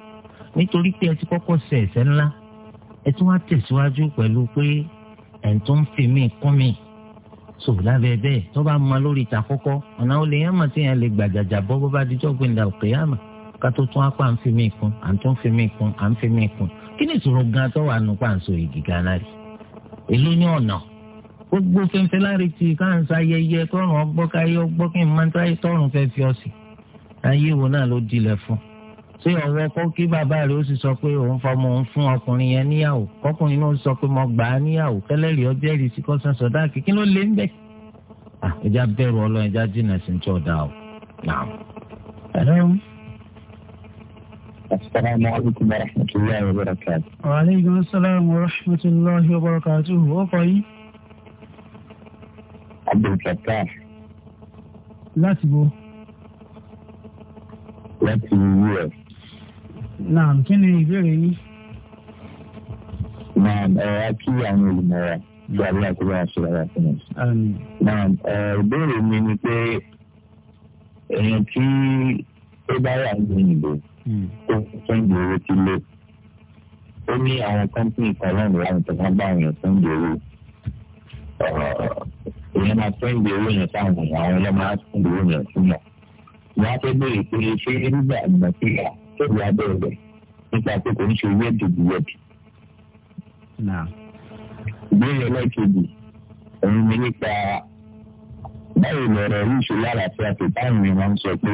nítorí pé ẹ ti kọ́kọ́ ṣe ẹ̀ṣẹ̀ ńlá ẹ tún wá tẹ̀síwájú pẹ̀lú pé ẹ̀ ń tó ń fi mí kún mi so lábẹ́ bẹ́ẹ̀ tó bá mọ lórí ìta kọ́kọ́ ọ̀nà olè yẹn mọ̀ tí yẹn lè gbàjàjà bọ́ bó bá dijọ́ gbẹ̀ndà òkè yá mà ká tó tún apá ń fi mí kún à ń tún fi mí kún à ń fi mí kún kí ni ìṣòro gan tó wà nù pàǹso ìgì gánà rí èló ní ọ̀nà gbogbo fẹ́fẹ́ láre ti káǹsà ayẹyẹ tọrùn ọgbọ́ káyé ọgbọ́ kí tọrùn fẹ́ fi ọ̀sìn ayé wo náà ló dilẹ̀ fún ṣé ọwọ́ kó kí bàbá rẹ̀ ó sì sọ pé òun fọmọ òun fún ọkùnrin yẹn níyàwó kọkùnrin náà sọ pé mo gbà á níyàwó kẹlẹ́rìí ọjọ́ ẹ̀rí sí kọ́sán sọ̀dá kìkín ló lé ń bẹ̀. Ah, ẹja bẹ̀rù ọlọ́run ẹja jìnnà sí ń tọ́da o. السلام عليكم ورحمة الله وبركاته وعليكم السلام ورحمة الله وبركاته وقعي عبد الفتاح لا تبو لا تبو naam kí ni ìbéèrè yìí. naam ẹ á kí àwọn olùmọ̀ wa bí abúlé àkóbá ṣe rárá fún mi. naam ìbéèrè mi ni pé èèyàn tí ó bá wà ní òyìnbó hmm. tó ń gbé owó tí lé ó ní àwọn kọ́ńtìnì kan lọ́nà láwọn tó máa bá èèyàn tó ń èèyàn máa fẹ́ ìgbé yẹn sáwọn àwọn ọlọ́mọ á fún ìgbé yẹn fún yàn. wọ́n á fẹ́ béèrè pé ṣé nígbà ìgbà tí yà tẹ̀lé abẹ́ rẹ̀ nípa pé kò ní ṣe wẹ́ẹ̀dì bí wẹ́ẹ̀dì. ìbéèrè ẹlẹ́kejì òun ni nípa báwo lọ̀rọ̀ yìí ṣe lára tí a fi báwọn èèyàn ń sọ pé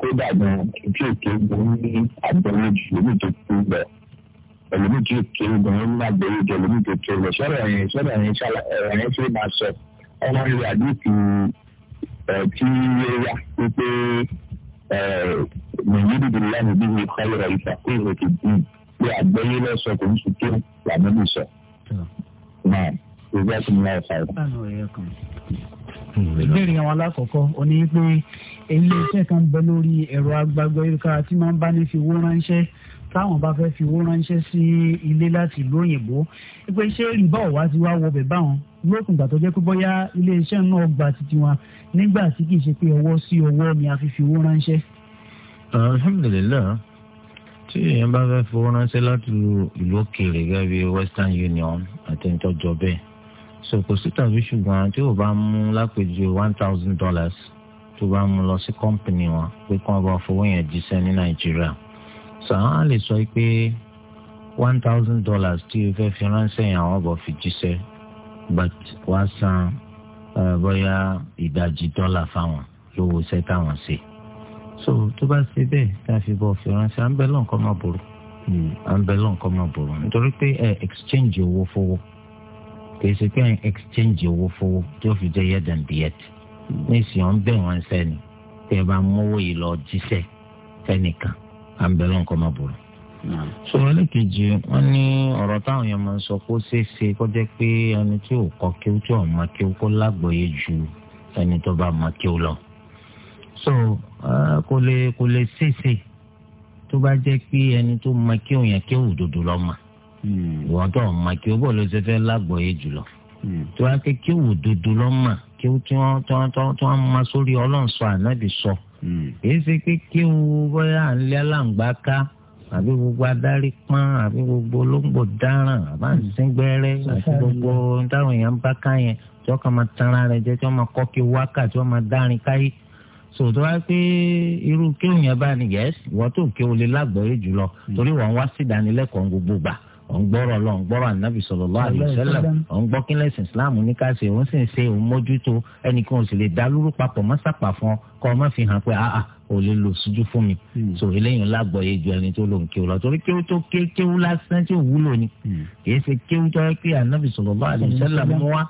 kódà gan tí òkè gan ní àgbọ̀nrín ju èmi tó kú lọ ẹlòmíì tí òkè gan ní àgbọ̀nrín ju èmi tó kú lọ sọ̀rọ̀ ẹ̀yìn sọ̀rọ̀ ẹ̀yìn sọ̀rọ̀ ẹ̀yìn tí ó máa sọ ọmọ ìlú àdìsí tí ó yá wípé mẹ̀yìnbí bí lánàá bí mi kọ́ lọ́rọ̀ ìfàkó ìrèké bí pé àgbẹ̀yé lọ́sọ̀ kò ń fi tó lànà bí sọ. náà ìgbà tó ń láì fàyè. ìbéèrè àwọn alákọ̀ọ́kọ́ ó pé ilé iṣẹ́ kan bẹ lórí ẹ̀rọ agbágbọ́ ìrìkà tí máa ń bá ní fi owó ránṣẹ́ táwọn bá fẹ́ fi owó ránṣẹ́ sí ilé láti ìlú òyìnbó pé ṣé ìbá ọ̀wá ti wá wọbẹ̀ báwọn lókun ìgbà tó jẹ́ pé bóyá iléeṣẹ́ náà gba titi nígbà tí kì í ṣe pé ọwọ́ sí ọwọ́ ni a fi fi owó ránṣẹ́. alhamdulilayi tí èèyàn bá fẹ́ fi owó ránṣẹ́ láti ìlú òkèèrè gẹ́gẹ́ western union àti ìtọ́jọ bẹ́ẹ̀ so kò sí tàbí ṣùgbọ́n tí o bá mú lápèjì one thousand dollars tó bá mú lọ sí kọ́ńpìnì wọn pé kí wọ́n bá fowó yẹn jíṣẹ́ ní nàìjíríà sàn á lè sọ pé one thousand dollars tí o fẹ́ fi ránṣẹ́ yẹn àwọn ọ̀bọ̀ fi jíṣẹ́ but wàá san bóyá ìdajì dọ́là fáwọn lówó iṣẹ́ táwọn ṣe so tó bá ṣe bẹ́ẹ̀ tá a fi bọ́ fi ránṣẹ́ à ń bẹ lọ́nkọ́ máa burú à ń bẹ lọ́nkọ́ máa burú nítorí pé ẹ exchange owó fowó kì í ṣe pé exchange owó fowó tí ó fi jẹ́ yẹ́dàn bíyẹ́tì ní ìsìn ọ̀ ń bẹ̀ wọ́n sẹ́ni tẹ́ ẹ bá mówó yìí lọ jíṣẹ́ fẹ́nìkan àǹbẹ̀lọ́ nǹkan máa bòrò. sọ̀rọ̀ lẹ́kejì wọ́n ní ọ̀rọ̀ táwọn yẹn máa ń sọ kó ṣeé ṣe kó jẹ́ pé ẹni tí ò kọ́ kí ó tí ò máa kí ó kó lágbọ̀ọ́yé ju ẹni tó bá máa kí ó lọ. so kò lè kò lè ṣeé ṣe tó bá jẹ́ pé ẹni tó máa kí ó yẹn kí ó òdodo lọ mà hmm. ìwọ̀n tó máa kí ó bọ̀ ló ṣe fẹ́ lágbọ̀ọ́yé jù lọ. Hmm. tó bá ké kí ó òdodo lọ mà kí ó tí wọ́n tí wọ́n tí wọ́n máa sórí ọlọ́run sọ kì í ṣe pé kí n wo bóyá à ń lé aláǹgbá ká àbí gbogbo adarí pọ́n àbí gbogbo olóńgbò dáràn àbá ń mm. sín gbẹ́rẹ́ àti gbogbo táwọn èèyàn bá ká yẹn tí wọ́n kàn máa tanra rẹ̀ jẹ́ tí wọ́n máa kọ́ kí wákà tí wọ́n máa dárin káyé sòtò wá pé irú kéwòn yẹn bá ní yẹs ìwọ tó kéwòn lè lágbọ̀ọ́yé jùlọ mm. torí wọn wá sí ìdánilẹ́kọ̀ọ́ gbogbo gbà òun gbọ́rọ̀ Ọlọ́run gbọ́rọ̀ ànábì sallallahu alaihi wasallam òun gbọ́ kí lẹ́sìn islam ní ká ṣe òun sì ń ṣe òun mójútó ẹnìkan ò sì lè dá lúrú papọ̀ mọ́ sàpà fún ọ kọ́ ọ má fi hàn pé àà ò lè lò síjú fún mi hmm. so eléyìí lágbọ̀ọ́yé ju ẹni tó lòun o lọ torí kéwù tó ké kéwù lásán tí ò wúlò ni hmm. kìí ṣe kéwù tó yẹ pé ànábì sallallahu alaihi wasallam mú wá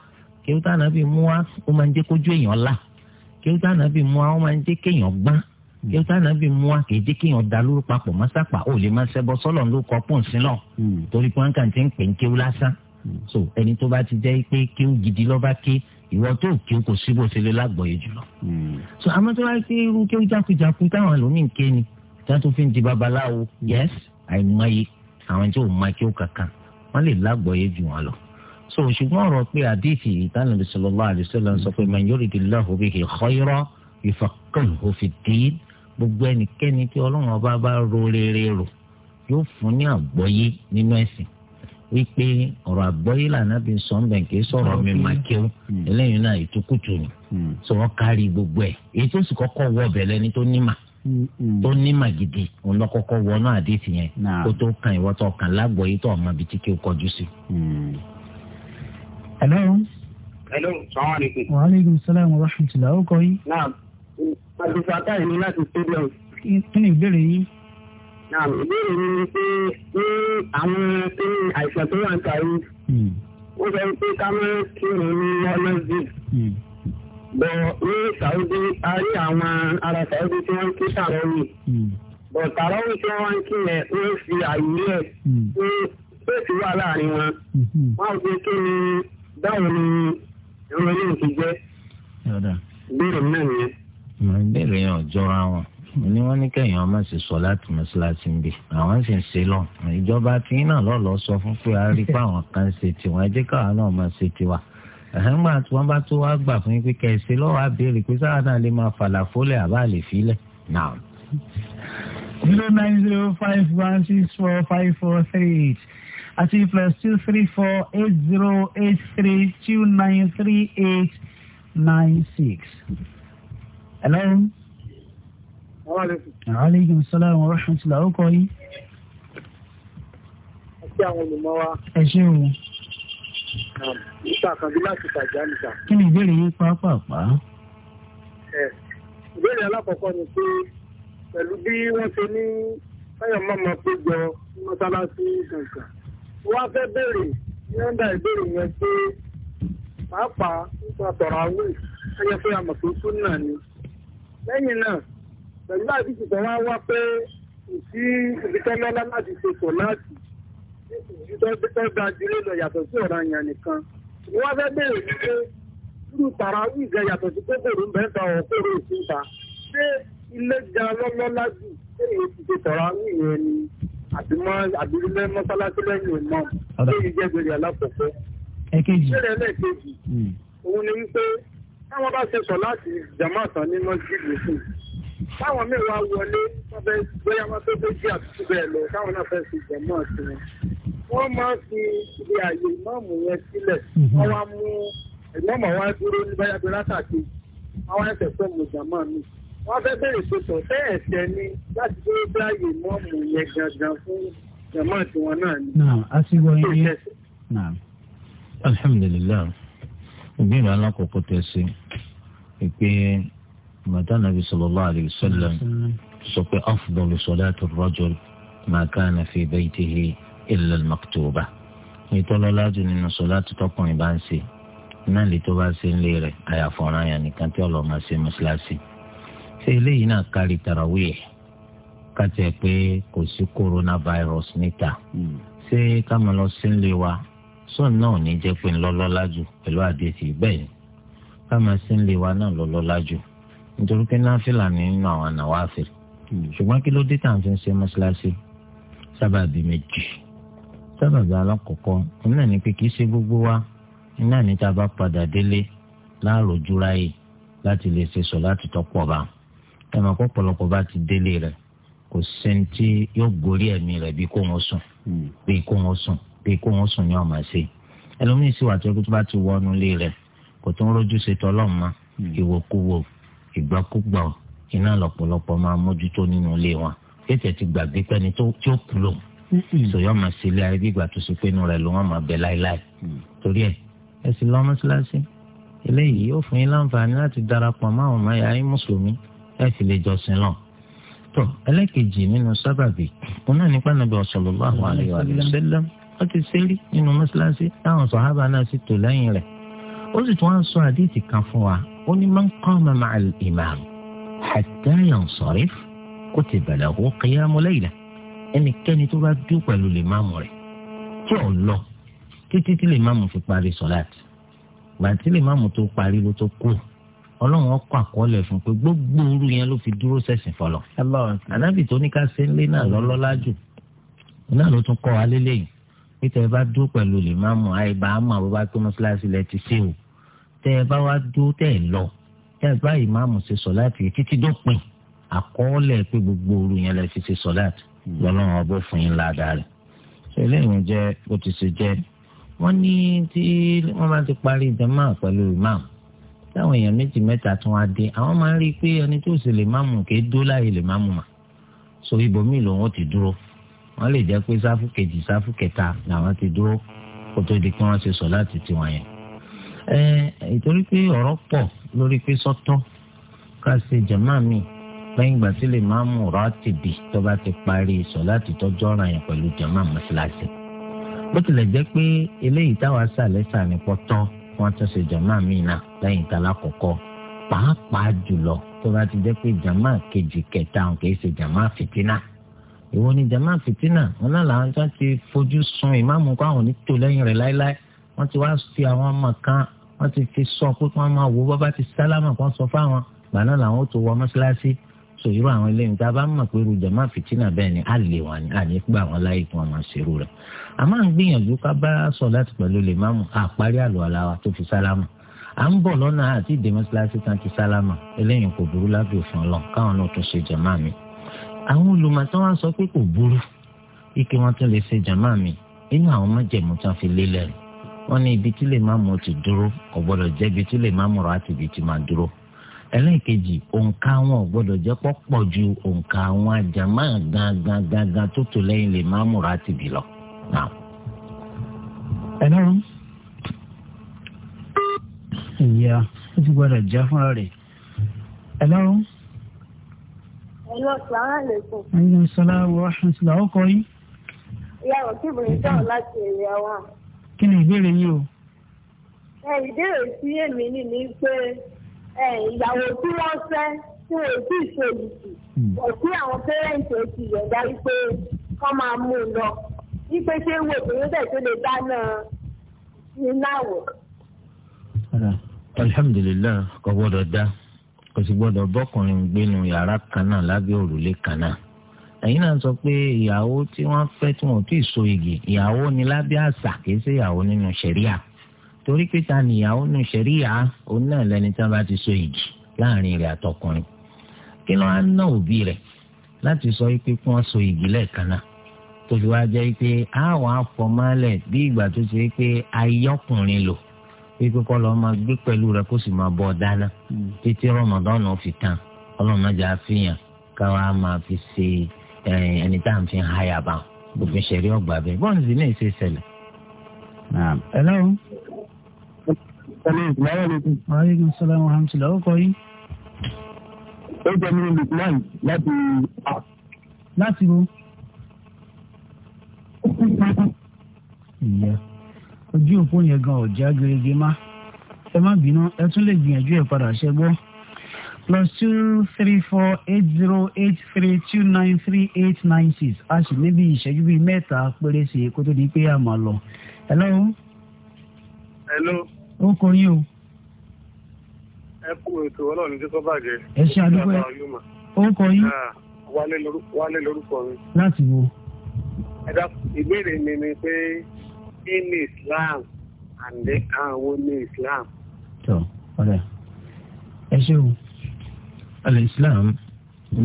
kéwù tó ànábì mú wá ó máa lá kéwù tó ànábì mú wá ó máa ń jẹ́ kéèyàn kí ó sáà nàbì mú wa kéde kéèyàn da lóru papọ̀ mọ́sápà ó lè má ṣẹbọ sọ́lọ̀ ló kọ́ pọ̀ sí náà hmm. torí pé wọ́n ti ń pè ń kéwú lásán hmm. so ẹni tó bá ti jẹ́ pé kéwú gidi lọ́ bá ké ìwọ tó kí o kò sí bó ṣe lè lágbọ̀ọ́yé jùlọ. Hmm. so àmọ́ tó bá ké irú kéwú jákujáku táwọn ẹlòmíín ké ni tí wọ́n fi ń di babaláwo yes àìmọye àwọn tí ò mọ kéwú kankan wọ́n lè lágbọ̀ọ́yé jù wọn lọ so ṣùgbọ́n ọ̀rọ̀ pé àdìsí ìtànàbí sallallahu alaihi wasallam sọ pé man yuridilahu bihi khayran yufaqqihu fid gbogbo ẹnikẹ́ni tí ọlọ́run ọba bá ro rere rò yóò fún ní àgbọ́yé nínú ẹ̀sìn wípé ọ̀rọ̀ àgbọ́yé lànà bí sọ sọ̀rọ̀ mi máa hmm. eléyìí náà ìtukùtù ni hmm. sọ wọ́n kárí gbogbo ẹ̀ èyí tó sì kọ́kọ́ wọ tó nímà hmm, tó nímà gidi kọ́kọ́ wọ àdéhìí yẹn kó tó kan ìwọ́ tó kan tó ọmọ bíi tí o kọjú sí. salaam àdùfàtà ìní láti stadium. kí ni ìbéèrè yín. náà ìbéèrè mi ni pé ní àwọn tó ní àìsàn tó wà ń kàrí hmm. ó sọ pé ká máa kírun ní ọlọ́sìn hmm. bọ̀ ní Saudi a rí àwọn ará Saudi tí wọ́n ń kí sàrọ́wì hmm. bọ̀ sàrọ́wì tí wọ́n ń kí yẹn ó fi àyè ẹ̀ pé fèsì wà láàrin wọn wọn ò fi kí ni báwo ni ìròyìn ti jẹ́ béèrè náà nìyẹn ìbéèrè yẹn ọjọ́ra wọn ni wọ́n ní kẹ́yìn ọmọ sì sọ láti mọ́ṣáláṣí ń bì àwọn sì ń ṣe lọ ìjọba tí iná lọ́lọ́ sọ fún pé a rí pé àwọn kan ṣe tiwọn ẹ jẹ́ káwọn náà máa ṣe tiwa ẹ̀hẹ́ngbà tí wọ́n bá tó wá gbà fún yín pé kẹ̀sì lọ́wọ́ àbẹ̀rẹ̀ pé sáà náà lè máa fàlàfólẹ̀ àbá lè náà. zero nine zero five one six four five four three eight àti plus two three four eight zero eight three two nine three eight nine six. Hello. Aleykum salaam wa rahmatulah. Ó kọ́ yín. Ẹ ṣé àwọn olùmọ̀ wa. Ẹ ṣé o. Níta kan bí láti tàjà níta. Kí ni ìbéèrè yín pàápàá? Ẹ ìbéèrè alákọ̀ọ́kọ́ ni pé pẹ̀lú bí wọ́n ṣe ní Táyọ̀ Mọ́mọ́ péjọ mọ́sálásí kankan. Wọ́n fẹ́ béèrè ní ọ́ndà ìbéèrè yẹn pé pàápàá nípa tọ̀rọ̀ àwìn ẹ̀yẹ fẹ́ àmọ̀ tó tún lẹ́yìn náà pẹ̀lú àdìsí tó wá wá pé kò sí ibi tó lọ́lá láti ṣe pọ̀ láti ibi tó gba jùlọ lọ yàtọ̀ sí ọ̀ràn yẹn nìkan wọ́n fẹ́ bẹ̀rẹ̀ ní pé irú tàrà ìgbà yàtọ̀ sí kókòrò ń bẹ́ẹ̀ ta ọ̀kọ́rọ̀ òsínta ṣé ilé ga lọ́lọ́lá jù ṣé èyí ti ṣe tọ̀rọ̀ àwọn ìyẹn ni àdìmọ́ àdìmọ́ mọ́sálásí lẹ́yìn ìmọ̀ ṣé ìjẹ́gbẹ̀rẹ̀ alákọ̀ọ́kọ́ ṣé lẹ́lẹ́kejì hmm. òun ni wípé táwọn bá ṣe sọ láti jàmá tán ní mọ́sídìí fún táwọn mẹ́wàá wọlé tọ́bẹ̀ bóyá wọn tó tó jí àtúntò bẹ́ẹ̀ lọ táwọn náà fẹ́ ṣe jàmá sí wọ́n máa fi ibi àyè ìmọ̀ọ̀mù yẹn sílẹ̀ wọ́n wá mú ìmọ̀ọ̀mù wa dúró ní báyà bí látàkì àwọn ẹsẹ̀ fún mu jàmá mi. wọ́n fẹ́ bẹ̀rẹ̀ sọ̀tọ̀ fẹ́ ẹ̀sẹ̀ ni láti dúró bí àyè ìmọ̀ọ̀mù yẹn gangan fún jàmá tiwọn náà ni. náà alhamdulillah ìbéèrè alákòókò tẹ ṣe pé màdá nàbí sallallahu alayhi wa sallam sọ pé afdalu salati ar-rajul ma kana fi baytihi illa al-maktuba ìtọ́lọ́lájú nínú sọláàtì tọkùnrin bá ń ṣe náà lè tó bá ṣe ń lé rẹ̀ àyàfọ̀ràn yẹn nìkan tí ọlọ́ọ̀ ṣe mọ́ṣáláṣí ṣé eléyìí náà kárí tarawih kàtẹ́ pé kò sí coronavirus níta hmm. ṣé ká máa lọ sí ń lé wa sọ́ọ̀n náà ò ní jẹ́ pé ńlọ́lọ́lá jù pẹ̀lú àdéhìí bẹ́ẹ̀ ká máa sí ń lè wa náà lọ́lọ́lá jù nítorí pé náfìlà nínú àwọn ànáwó àfẹ́rẹ́ hmm. ṣùgbọ́n kí ló dé tá à ń ṣe mọ́ṣáláṣí sábàbí méjì sábàbí alákọ̀ọ́kọ́ iná ní pé kì í ṣe gbogbo wa iná ní tá a bá padà délé láàròjú ráyè láti lè ṣe sọ láti tọ́pọ̀ bá ẹ mọ̀ pọ̀pọ̀lọpọ̀ bá ti délé rẹ̀ kò sẹ́ni tí yóò gorí ẹ̀mí rẹ̀ bí kò wọ́n sùn hmm. bí kò wọ́n sùn pé kó wọn sùn ní ọmọ ṣe ẹlòmíín sì wà tó kó tó bá ti wọnú ilé rẹ̀ kò tó ń rojú ṣe tọlọ́run mọ́ hmm. ìwòkuwò ìgbọ́kúgbọ̀ iná lọ́pọ̀lọpọ̀ máa mójútó nínú ilé wọn ètò ti gbàgbé pẹ́ni tí ó kú lò hmm. sòyọ́ máa ṣe ilé ayé bí ìgbà tó ṣe pé inú rẹ̀ ló wọ́n máa bẹ láéláé hmm. torí ẹ̀ ẹ sì lọ mọ́ṣáláṣí eléyìí yóò fún yín láǹfààní láti darapọ̀ mọ́ àwọn ọmọ ẹ̀yà ayé mùsùlùmí ẹ sì lè jọ́sìn náà tó ẹlẹ́kejì nínú sábàbí òun náà nípa nàbẹ̀ sallallahu alaihi wa sallam wọ́n ti ṣe rí nínú mọ́ṣáláṣí táwọn sọ̀hábà náà sì tò lẹ́yìn rẹ̀ ó sì tún wá ń sọ àdéhìí kan fún wa ó ní man qama ma'a al-imam hatta yansarif kutiba lahu qiyamu layla ẹnikẹ́ni tó bá dúró pẹ̀lú lè máàmù rẹ̀ tí ò lọ títí tí lè máàmù fi parí sọ̀láàtì gbàtí lè máàmù tó parí ló tó kù ọlọ́run ọkọ̀ àkọọ́lẹ̀ fún pé gbogbo ooru yẹn ló fi dúró sẹ̀sìn fọlọ́ anábì tó ní ká ṣe náà lọ́lọ́lá jù náà ló tún kọ́ wa lélẹ́yìn níta ẹ bá dúró pẹ̀lú lè má mọ̀ àyè bá mọ̀ àbọ̀ bá tó mọ́ṣáláṣí lẹ ti ṣe o tẹ ẹ bá wá dúró tẹ ẹ lọ tẹ ẹ bá ìmáàmù ṣe sọ̀láàtì títí dópin àkọọ́lẹ̀ pé gbogbo òru yẹn lẹ fi ṣe sọ̀láàtì lọ́lọ́run ọbọ̀ fún yín ládàá rẹ̀ eléyìí jẹ́ bó ti ṣe jẹ́ wọ́n ní tí wọ́n bá ti parí ìjàmá pẹ̀lú ìmáàmù táwọn èèyàn méjì mẹ́ta tún wá dé àwọn máa ń rí i pé ẹni tó ṣe lè máàmù kéé dó láàyè lè máàmù mà so ibòmíì lòun ó ti dúró wọ́n lè jẹ́ pé sáfù kejì sáfù kẹta làwọn ti dúró kó tó di pé wọ́n ṣe sọ láti tiwọn yẹn. ẹ ìtorí pé ọ̀rọ̀ pọ̀ lórí pé sọ́tọ́ ká ṣe jàmá mi lẹ́yìn ìgbà tí lè máa mú rọ́ọ̀tìbì tó bá ti parí sọ láti tọ́jú ọ̀ràn yẹn pẹ̀lú jàmá mọ́ṣáláṣí. bó tilẹ̀ jẹ́ pé eléyìí táwa sàlẹ̀ sàní pọ́tọ́ wọ́n tún ṣe jàmá mi náà lẹ́yìn ìtàlá kọ̀ọ̀kọ́ pàápàá jùlọ tó bá ti jẹ́ pé jàmá kejì kẹta kì í ṣe jàmá fìtínà ìwọ ni jama fitina wọn náà làwọn tó ti fojú sun ìmáàmù kó àwọn onítò lẹ́yìn rẹ̀ láéláé wọ́n ti wá sí àwọn ọmọ kan wọ́n ti fi sọ pé kí wọ́n máa wò bọ́bá ti sálámà kan sọ fáwọn gbà náà làwọn ó tó wọ mọ́ṣáláṣí sọ irú àwọn eléyìí tá a bá mọ̀ pé irú jama fitina bẹ́ẹ̀ ni a lè wà ní àní gbà wọn láyé kí wọ́n máa ṣerú rẹ̀ a máa ń gbìyànjú ká bá sọ láti pẹ̀lú lè máàmù àparí àlọ́ aláwa tó fi sálámà à ń bọ̀ lọ́nà àti ìdè mọ́ṣáláṣí kan ti sálámà eléyìí kò burú lábẹ́ òfin ọlọ́run káwọn náà tún ṣe jama mi àwọn olùmọ̀tán wá sọ pé kò burú ike wọn tún lè ṣe jàmá mi nínú àwọn májẹ̀mú tán fi lélẹ̀ rẹ̀ wọ́n ní ibi tí lè má mú ti dúró kò gbọ́dọ̀ jẹ́ ibi tí lè má mú rà àti ibi tí máa dúró ẹlẹ́ẹ̀kejì òǹkà wọn ò gbọ́dọ̀ jẹ́ pọ̀ pọ̀ ju òǹkà àwọn àjàmá gangan gangan tó tò lẹ́yìn lè má mú rà àti ibì lọ. ẹ ìyá ó ti gbọ́dọ̀ já fúnra rẹ̀ ẹ Aleykum salaam wa rahmatulah. Ọkọ yìí. Ìyá Rọ̀kìbù ń sọ̀rọ̀ láti èrè wa. Kí ni ìbéèrè yìí o? Ẹ ìbéèrè sí èmi ni ni pé ìyàwó tí wọ́n fẹ́ tí wọ́n ò tíì ṣe òyìnbí. Hmm. Òkú àwọn pẹ́rẹ́ǹtì ò ti yọ̀ǹda wípé kọ́ máa mú un lọ. Wípé ṣé wo obìnrin bẹ̀ tó lè dáná nínú àwọ̀? Alhamdulilayi, kò gbọ́dọ̀ dá kò sì gbọ́dọ̀ bọ́kùnrin gbénu yàrá kan náà lábẹ́ òrùlé kan náà ẹ̀yin náà sọ pé ìyàwó tí wọ́n fẹ́ tí wọ́n tíì so igi ìyàwó ni lábẹ́ àṣà kìí ṣe ìyàwó nínú ṣẹ̀ríà torí pé ta ni ìyàwó nínú ṣẹ̀ríà òun náà lẹni tí wọ́n bá ti so igi láàrin rẹ̀ àtọkùnrin kí ló á ná òbí rẹ̀ láti sọ pé kí wọ́n so igi lẹ́ẹ̀kan náà tó fi wá jẹ́ pé àwọn afọmọ́lẹ̀ bí ìgbà tó ṣe pé ayọ́kùnrin lò kíkọ́ kọ́ lọ́ọ́ máa gbé pẹ̀lú rẹ̀ kó sì máa bọ̀ dáná hmm. títí rọmọdán náà fi tán ọlọ́run náà jà fihàn káwa máa fi ṣe ẹni tá à ń fi háyà bá òfin ṣẹ̀rí ọgbà bẹ́ẹ̀ bọ́ọ̀nù sí náà ṣe ṣẹlẹ̀. hello. hello ìgbàlódé lókun. maaleykum salaam wa rahmatulah ó kọ yín. ó jẹ́ mi ní lukman láti. láti wo. ìyá ojú òpó yẹn gan ọ̀já gerege má ẹ má bínú ẹ tún lè gbìyànjú ẹ padà ṣẹgbọ́ plus two three four eight zero eight three two nine three eight nine six a sì níbi ìṣẹ́jú bíi mẹ́ta péré sí i kó tó di pé a máa lọ. hello. hello. ó kọ yín o. ẹ kú ètò ọlọ́run tí kò bàjẹ́. ẹ ṣe àdúgbò ẹ ó kọ yín. Ah, wálé lórúkọ mi. láti wo. ẹ dá ìbéèrè mi ni pé kí ni Islam they can't win Islam. tó ọ̀rẹ́ ẹ ṣe o alẹ́ Islam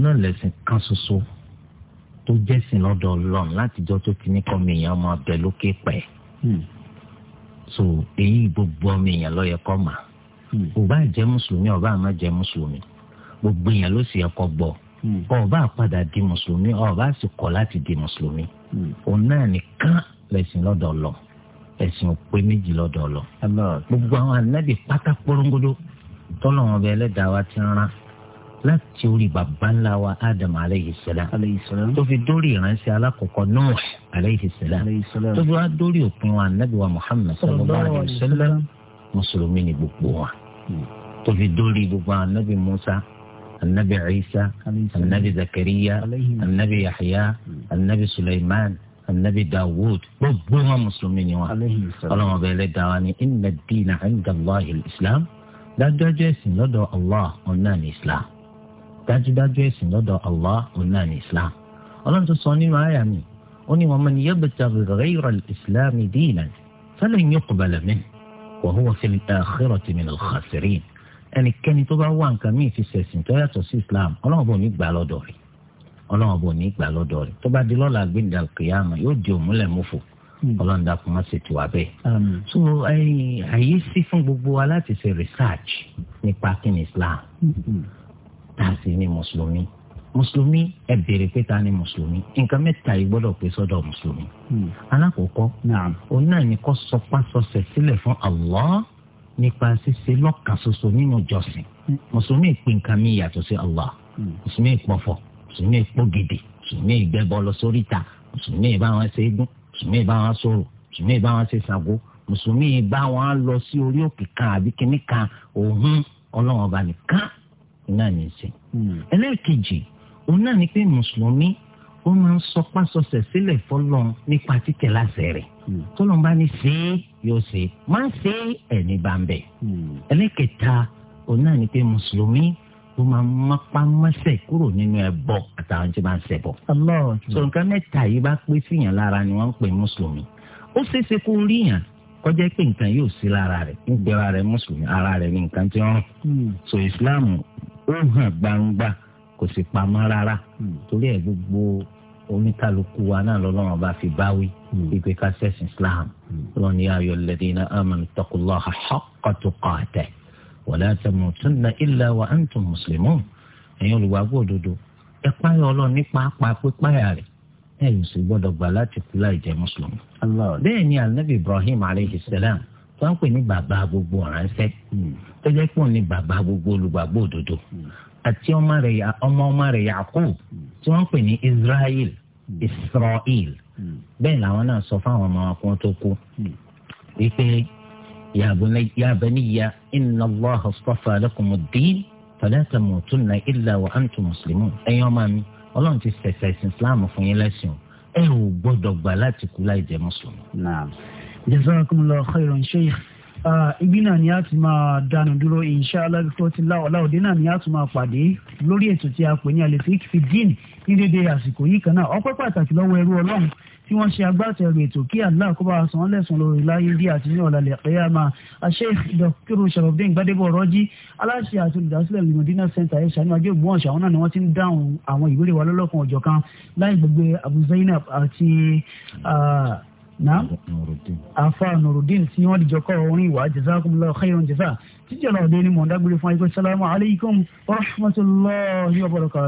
náà lẹ́sìn kan so tó jẹ́sìn lọ́dọ̀ Ọlọ́run látijọ́ tó ti ní kọ́mi èèyàn máa bẹ lókè pẹ́ hmm. so èyí gbogbo ọmọ èèyàn ló yẹ kó mà hmm. kò bá jẹ́ mùsùlùmí ó bá má jẹ́ mùsùlùmí gbogbo èèyàn ló sì yẹ gbọ́ ó hmm. bá di mùsùlùmí ó bá sì kọ̀ láti di mùsùlùmí òun náà nìkan lẹ́sìn lọ́dọ̀ Ọlọ́run ẹ̀sìn òpé méjì lọ́dọ̀ lọ. gbogbo àwọn ànábì pátá porongodo tọ́lọ̀ wọn bẹ ẹlẹ́dàá wa ti rán láti orí bàbá ńlá wa Adam aleyhi salam tó fi dórí ìránṣẹ́ alákọ̀ọ́kọ́ Nuh aleyhi salam tó fi wá dórí òpin wa ànábì wa Muhammad sallallahu alayhi wa sallam mùsùlùmí ni gbogbo wa hmm. tó fi dórí gbogbo àwọn ànábì Musa. النبي عيسى النبي زكريا النبي يحيى النبي سليمان النبي داوود ربما مسلمين اللهم وعليه دعاني إن الدين عند الله الإسلام لا دجاج سندو الله ونان إسلام داج داج سندو الله ونان إسلام ألم تصوني ما يعني أني ومن يبتغ غير الإسلام دينا فلن يقبل منه وهو في الآخرة من الخاسرين أني يعني كان تبعوان كمي في سيسنتو يا إسلام ألم أبو نيك بالو دوري ọlọ́run bò ní ìgbà lọ́dọ̀ rẹ̀ tó bá di lọ́la gbẹ̀dà kìyàmù yóò di òmùlẹ̀ mọ́fò hmm. ọlọ́run dàkú má ṣe tiwa bẹ́ẹ̀. so àyè sí fún gbogbo wa láti ṣe research nípa kíni Islam tá a ní mùsùlùmí mùsùlùmí ẹ béèrè pé ta ni mùsùlùmí nǹkan mẹ́ta yìí gbọ́dọ̀ pé sọ́dọ̀ mùsùlùmí. Hmm. alákọ̀ọ́kọ́ òun náà ni kò sọpasọsẹ̀ sílẹ̀ fún Allah nípa ṣíṣe lọ́kàn ṣoṣo nínú ìjọsìn hmm. mùsùlùmí ìpín nǹkan mi yàtọ̀ sí Allah mùsùlùmí ìpọ̀fọ̀ mùsùlùmí èpò gidi mùsùlùmí ìgbẹ́bọ lọ sórí ìta mùsùlùmí ìbá wọn ṣe égún mùsùlùmí ìbá wọn sọ̀rọ̀ mùsùlùmí ìbá wọn ṣe ṣàgó mùsùlùmí ìbá wọn lọ sí orí òkè kan àbí kíní kan òun ọlọ́wọ́n ọba nìkan náà ní í ṣe. Hmm. ẹlẹ́ẹ̀kejì òun náà ni pé mùsùlùmí ó máa ń sọpásọsẹ̀ sílẹ̀ fọlọ́n nípa títẹ̀ láṣẹ rẹ̀ hmm. tọ́lọ́n bá ní ṣe é yóò ṣe máa ń ṣe ẹ̀ní bá ń bẹ̀. Hmm. ẹlẹ́kẹta òun náà ni pé mùsùlùmí tó máa mápá mọ́sẹ̀ kúrò nínú ẹbọ àtàwọn tí wọ́n ń ṣẹbọ. sọ nǹkan mẹ́ta yìí bá pé síyàn lára ni wọ́n ń pè mùsùlùmí ó ṣeéṣe kó rí yàn kọjá pé nǹkan yóò sí lára rẹ̀ ń gbéra rẹ̀ mùsùlùmí ara rẹ̀ ní nǹkan tí wọ́n rùn. Hmm. so islam ó hàn gbangba kò sì pamọ́ rárá hmm. torí ẹ̀ gbogbo oníkàlùkù wa náà lọ́lọ́run bá fi báwí ìpè hmm. ká islam lọ́ni ayọ̀ lẹ́dínà amanu taqullaha haqqa tuqatih wala tamutunna illa wa antum muslimun ẹ̀yin olùwàgbọ́ òdodo ẹ páyọ̀ ọlọ́run nípa apapẹ́ páyà rẹ̀ ẹ̀ yìí sì gbọ́dọ̀ gbà láti kú láì jẹ́ mùsùlùmí. bẹ́ẹ̀ ni anabi ibrahim aleyhi salam tó ń pè ní bàbá gbogbo ránṣẹ́ tó jẹ́ pọ̀ ní bàbá gbogbo olùgbàgbọ́ òdodo àti ọmọ rẹ̀ yakub tí wọ́n pè ní israel israel bẹ́ẹ̀ làwọn náà sọ fáwọn ọmọ wọn kó tó kú wípé يا بني إن الله اصطفى لكم الدين فلا تموتن إلا وأنتم مسلمون ẹ̀yin ọmọ mi Ọlọ́run ti ṣẹ̀ṣẹ̀ ìsìn islam fún yín lẹ́sìn ẹ ò gbọ́dọ̀ مسلم نعم جزاكم الله jẹ́ شيخ jazakumullahu khairan sheikh ibi náà ni a ti máa dánu dúró inshallah tó ti láwọláwọdé náà ni a tún máa pàdé lórí ètò tí a pè ní alefik fidin ní dédé àsìkò yìí kan náà ọpẹ́ pàtàkì lọ́wọ́ ẹrú Ọlọ́run tí wọ́n ṣe agbátẹrù ètò kí Allah kó bá san lẹ́sùn lórí láyé bí àti ní ọ̀làlẹ̀ àpẹ́yàmà Sheikh Dr. Sharafdeen Gbadebo Rọ́jí aláṣẹ àti olùdásílẹ̀ Medina Center ẹ̀ ṣàánú ajé ògbón ọ̀ṣà náà ni wọ́n ti ń dáhùn àwọn ìbéèrè wa lọ́lọ́kan ọ̀jọ̀ kan láì gbogbo Abu Zainab àti afa Nuruddin tí wọ́n dìjọ kọ́ orin ìwà jazakumullahu khairan jaza títí ọ̀nà ọ̀dẹ́ ni mọ̀ ń dágbére fún ayé pé sálámù alaykum wa rahmatullahi wa barakatuh.